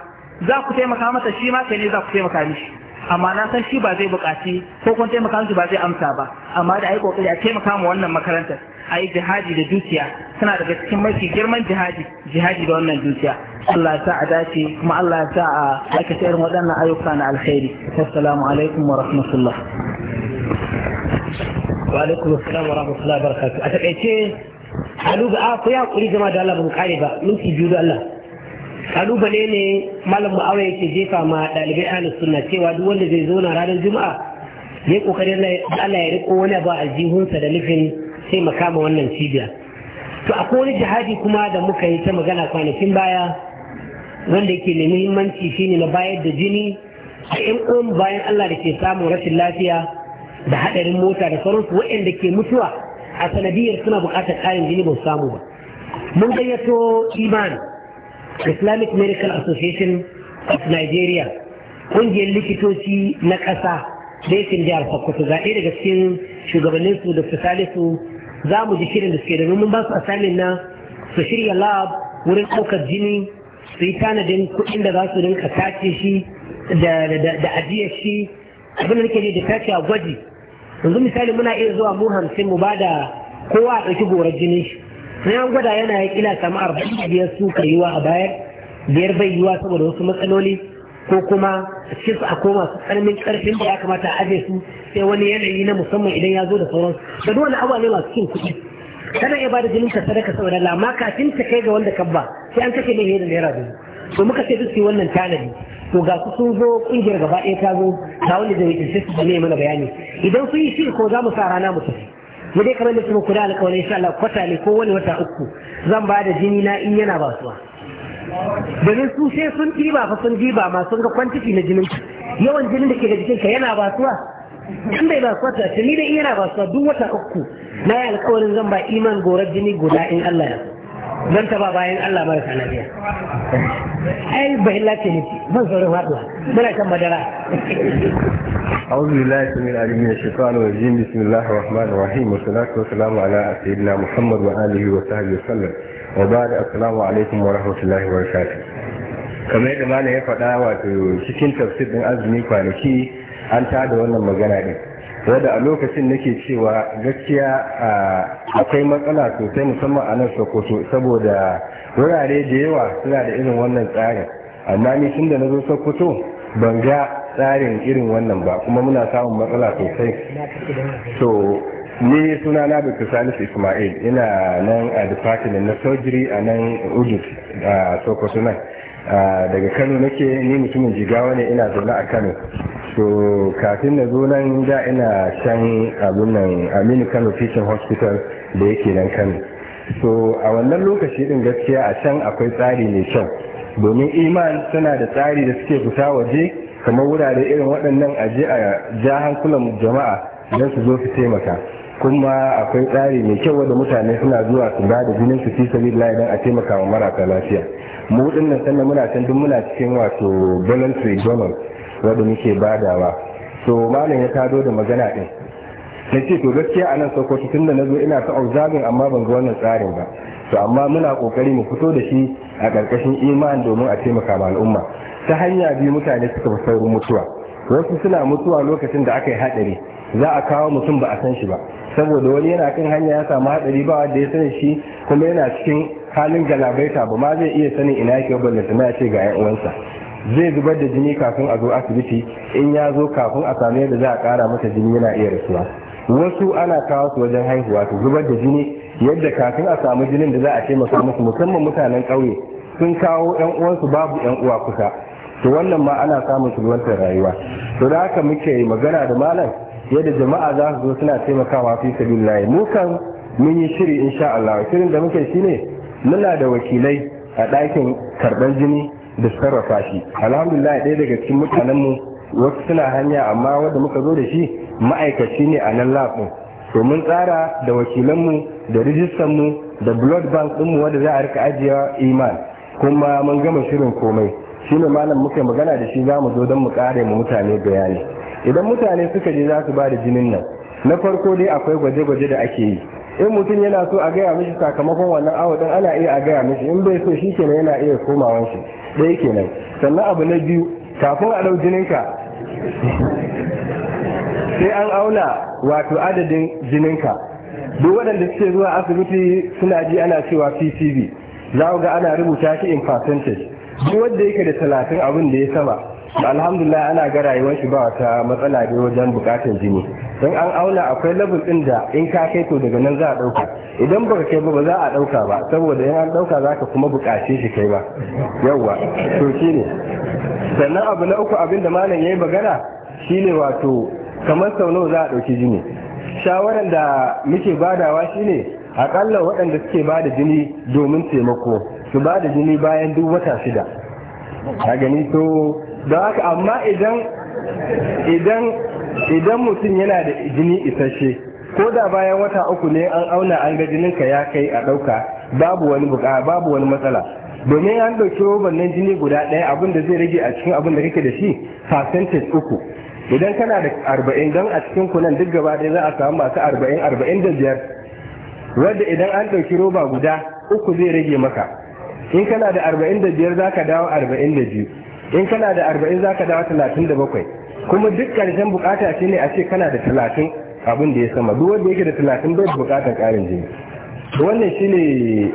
za ku taimaka mata shi ma sai ne za ku taimaka mishi amma na san shi ba zai buƙaci ko kun taimaka musu ba zai amsa ba amma da ayi kokari a taimaka ma wannan makarantar ayi jihadi da dukiya suna daga cikin mafi girman jihadi jihadi da wannan dukiya Allah ya sa a dace kuma Allah ya sa a aikata irin waɗannan ayyuka na alkhairi assalamu alaikum wa rahmatullah wa alaikum assalam wa rahmatullah barakatuh a taƙaice alu ga a ku ya kuri jama'a da Allah ba mu kare ba minti biyu da Allah kalubale ne malam mu'awai yake jefa ma ɗalibai ahlus sunna cewa duk wanda zai zauna ranar juma'a ya kokarin Allah ya riko wani ba aljihunsa da nufin sai makama wannan cibiya to akwai wani jihadi kuma da muka yi ta magana kwanakin baya wanda yake da muhimmanci shine na bayar da jini a yan uwan bayan Allah da ke samun rashin lafiya da haɗarin mota da sauransu waɗanda ke mutuwa a sanadiyar suna buƙatar ƙarin jini ba su samu ba mun gayyato iman. islamic medical association of nigeria ƙungiyar likitoci na ƙasa da yakin jihar fakwato ga ɗaya daga cikin shugabannin su da salisu za mu ji shirin da suke da mun ba su asalin na su shirya lab wurin ɗaukar jini su yi tanadin kuɗin da za su rinka tace shi da ajiyar shi abin da nake da tace a gwaji yanzu misali muna iya zuwa mu hamsin mu ba da kowa a ɗauki gorar jinin shi sai an gwada yana ya kila samu arba'in da biyar su ka yiwa a baya biyar bai yiwa saboda wasu matsaloli ko kuma cikin su a koma su karamin karfin da ya kamata a aje su sai wani yanayi na musamman idan ya zo da sauran da duk abuwa ne masu cin kuɗi kana iya bada jinin ka sadaka saboda Allah amma kafin ta kai ga wanda kabba sai an kashe ne da naira dubu to muka ce duk su wannan tanadi to ga su sun zo kungiyar gaba ɗaya ta zo ga da ya ce su da ne mana bayani idan sun yi shi ko za mu sa rana mu tafi mu dai kamar da kuma kuda alƙawari insha Allah kwata ne ko wani wata uku zan ba da jini na in yana basuwa domin su sai sun ɗiba fa sun ɗiba ma sun ga kwantiti na jinin yawan jinin da ke da jikinka yana basuwa in bai ba ta ni da in yana basuwa duk wata uku na yi alƙawarin zan ba iman gorar jini guda in Allah ya so don taba bayan Allah marasa lafiya ai bai lace ne ban saurin haɗuwa muna kan madara أعوذ بالله السميع العليم من الشيطان الرجيم بسم الله الرحمن الرحيم والصلاة والسلام على سيدنا محمد وآله وصحبه وسلم وبعد السلام عليكم ورحمة الله وبركاته kamar yadda malam ya faɗa wato cikin tafsir ɗin azumi kwanaki an tada wannan magana ɗin wadda a lokacin nake cewa gaskiya akwai matsala sosai musamman a nan sokoto saboda wurare da yawa suna da irin wannan tsarin amma ni tun da na zo sokoto ban ga tsarin irin wannan ba kuma muna samun matsala sosai so ni suna na dr salisu ismail ina nan a department na surgery a nan ujus a sokoto nan daga kano nake ni mutumin jigawa ne ina zaune a kano so kafin na zo nan da ina can abin nan aminu kano teaching hospital da yake nan kano so a wannan lokaci din gaskiya a can akwai tsari mai kyau domin iman suna da tsari da suke fita waje kamar wurare irin waɗannan aje a ja hankulan jama'a don su zo su taimaka kuma akwai tsari mai kyau wanda mutane suna zuwa su ba da jinin su fi sabi don a taimaka wa marasa lafiya mu din nan sannan muna san duk muna cikin wato voluntary donor wanda muke badawa so malam ya tado da magana din na ce to gaskiya a nan sokoto tun da na zo ina ta observing amma ban ga wannan tsarin ba to amma muna kokari mu fito da shi a ƙarƙashin iman domin a taimaka ma al'umma ta hanya biyu mutane suka fi saurin mutuwa wasu suna mutuwa lokacin da aka yi haɗari za a kawo mutum ba a san shi ba saboda wani yana kan hanya ya samu haɗari ba wanda ya sani shi kuma yana cikin halin galabaita ba ma zai iya sanin ina yake ballanta ya ce ga yan uwansa zai zubar da jini kafin a zo asibiti in ya zo kafin a samu yadda za a kara masa jini yana iya rasuwa wasu ana kawo su wajen haihuwa su zubar da jini yadda kafin a samu jinin da za a taimaka musu musamman mutanen ƙauye sun kawo yan uwansu babu yan uwa kusa to wannan ma ana samun shugabantar rayuwa to da haka muke magana da malam yadda jama'a za su zo suna taimakawa fi sabilillahi mu kan mun yi shiri insha Allah shirin da muke ne. muna da wakilai a ɗakin karɓar jini da sarrafa shi alhamdulillah ɗaya daga cikin mutanenmu wasu suna hanya amma wanda muka zo da shi ma'aikaci ne a nan lab to mun tsara da wakilanmu da rijistanmu da blood bank ɗinmu wanda za a rika ajiye iman kuma mun gama shirin komai shi ne malam muka magana da shi za mu zo don mu kare mu mutane bayani idan mutane suka je za su ba da jinin nan na farko dai akwai gwaje-gwaje da ake yi in mutum yana so a gaya mishi sakamakon wannan awa din ana iya a gaya mishi in bai so shi na yana iya komawan shi ɗaya kenan sannan abu na biyu kafin a ɗau jininka sai an auna wato adadin jininka duk waɗanda suke zuwa asibiti suna ji ana cewa ccv za ga ana rubuta shi in percentage duk wanda yake da talatin abin da ya sama alhamdulillah ana ga rayuwar shi ba wata matsala ne wajen bukatan jini don an auna akwai level ɗin da in ka kai to daga nan za a ɗauka idan baka kai ba ba za a ɗauka ba saboda in an ɗauka za ka kuma bukace shi kai ba yawwa to shi ne sannan abu na uku abin da malam ya yi magana shine wato kamar sau nawa za a ɗauki jini shawaran da muke badawa shine akalla waɗanda suke ba da jini domin taimako su ba da jini bayan duk wata shida a gani to da haka amma idan idan idan mutum yana da jini isasshe ko da bayan wata uku ne an auna an ga jininka ya kai a ɗauka babu wani buka babu wani matsala domin an ɗauki roban nan jini guda ɗaya abin da zai rage a cikin abin da kake da shi percentage uku idan kana da arba'in don a cikin kunan duk gaba ɗaya za a samu masu arba'in arba'in da biyar wadda idan an ɗauki roba guda uku zai rage maka in kana da arba'in da biyar za ka dawo arba'in da biyu in kana da arba'in za ka dawo talatin da bakwai kuma duk ƙarshen bukata shi ne a ce kana da talatin abin da ya sama duk wanda yake da talatin bai bukatar ƙarin jini wannan shi ne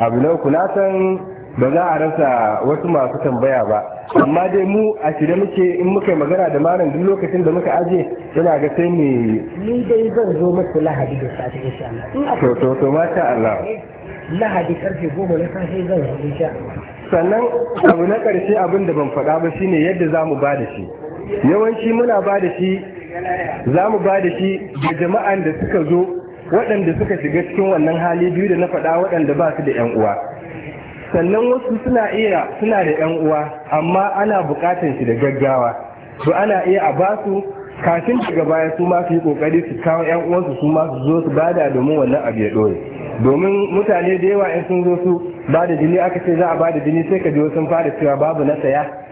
abu na uku na san ba za a rasa wasu masu tambaya ba amma dai mu a shirya muke in muka yi magana da malam duk lokacin da muka aje yana ga sai ne ni dai zan zo muku lahadi da safe insha Allah to to to masha Allah lahadi karfe goma na safe zan zo insha Allah sannan abu na karshe abin da ban faɗa ba shine yadda za mu ba da shi yawanci muna ba da shi za mu ba da shi ga jama'an da suka zo waɗanda suka shiga cikin wannan hali biyu da na faɗa waɗanda ba su da 'yan uwa sannan wasu suna iya suna da 'yan uwa amma ana buƙatar shi da gaggawa to ana iya a ba su kafin daga baya su ma su yi ƙoƙari su kawo yan uwansu su ma su zo su bada domin wannan abu ya ɗore, domin mutane da yawa in sun zo su da jini aka ce za a ba da jini sai ka ji sun fara cewa babu na saya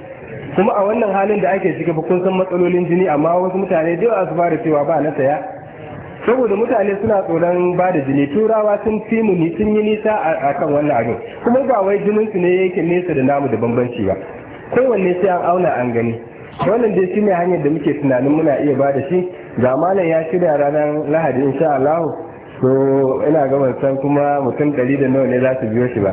kuma a wannan halin da ake shiga kun san matsalolin jini amma wasu mutane da yawa su fara cewa ba na saya saboda mutane suna tsoron ba da jini turawa sun fi mu ni sun yi nisa a kan wannan abin kuma ba wai jinin su ne yake nesa da namu da bambanci ba kowanne sai an auna an gani wannan dai shine hanyar da muke tunanin muna iya ba da shi ga malam ya shirya ranar lahadi insha Allah so ina ga san kuma mutum ɗari da nawa ne za su biyo shi ba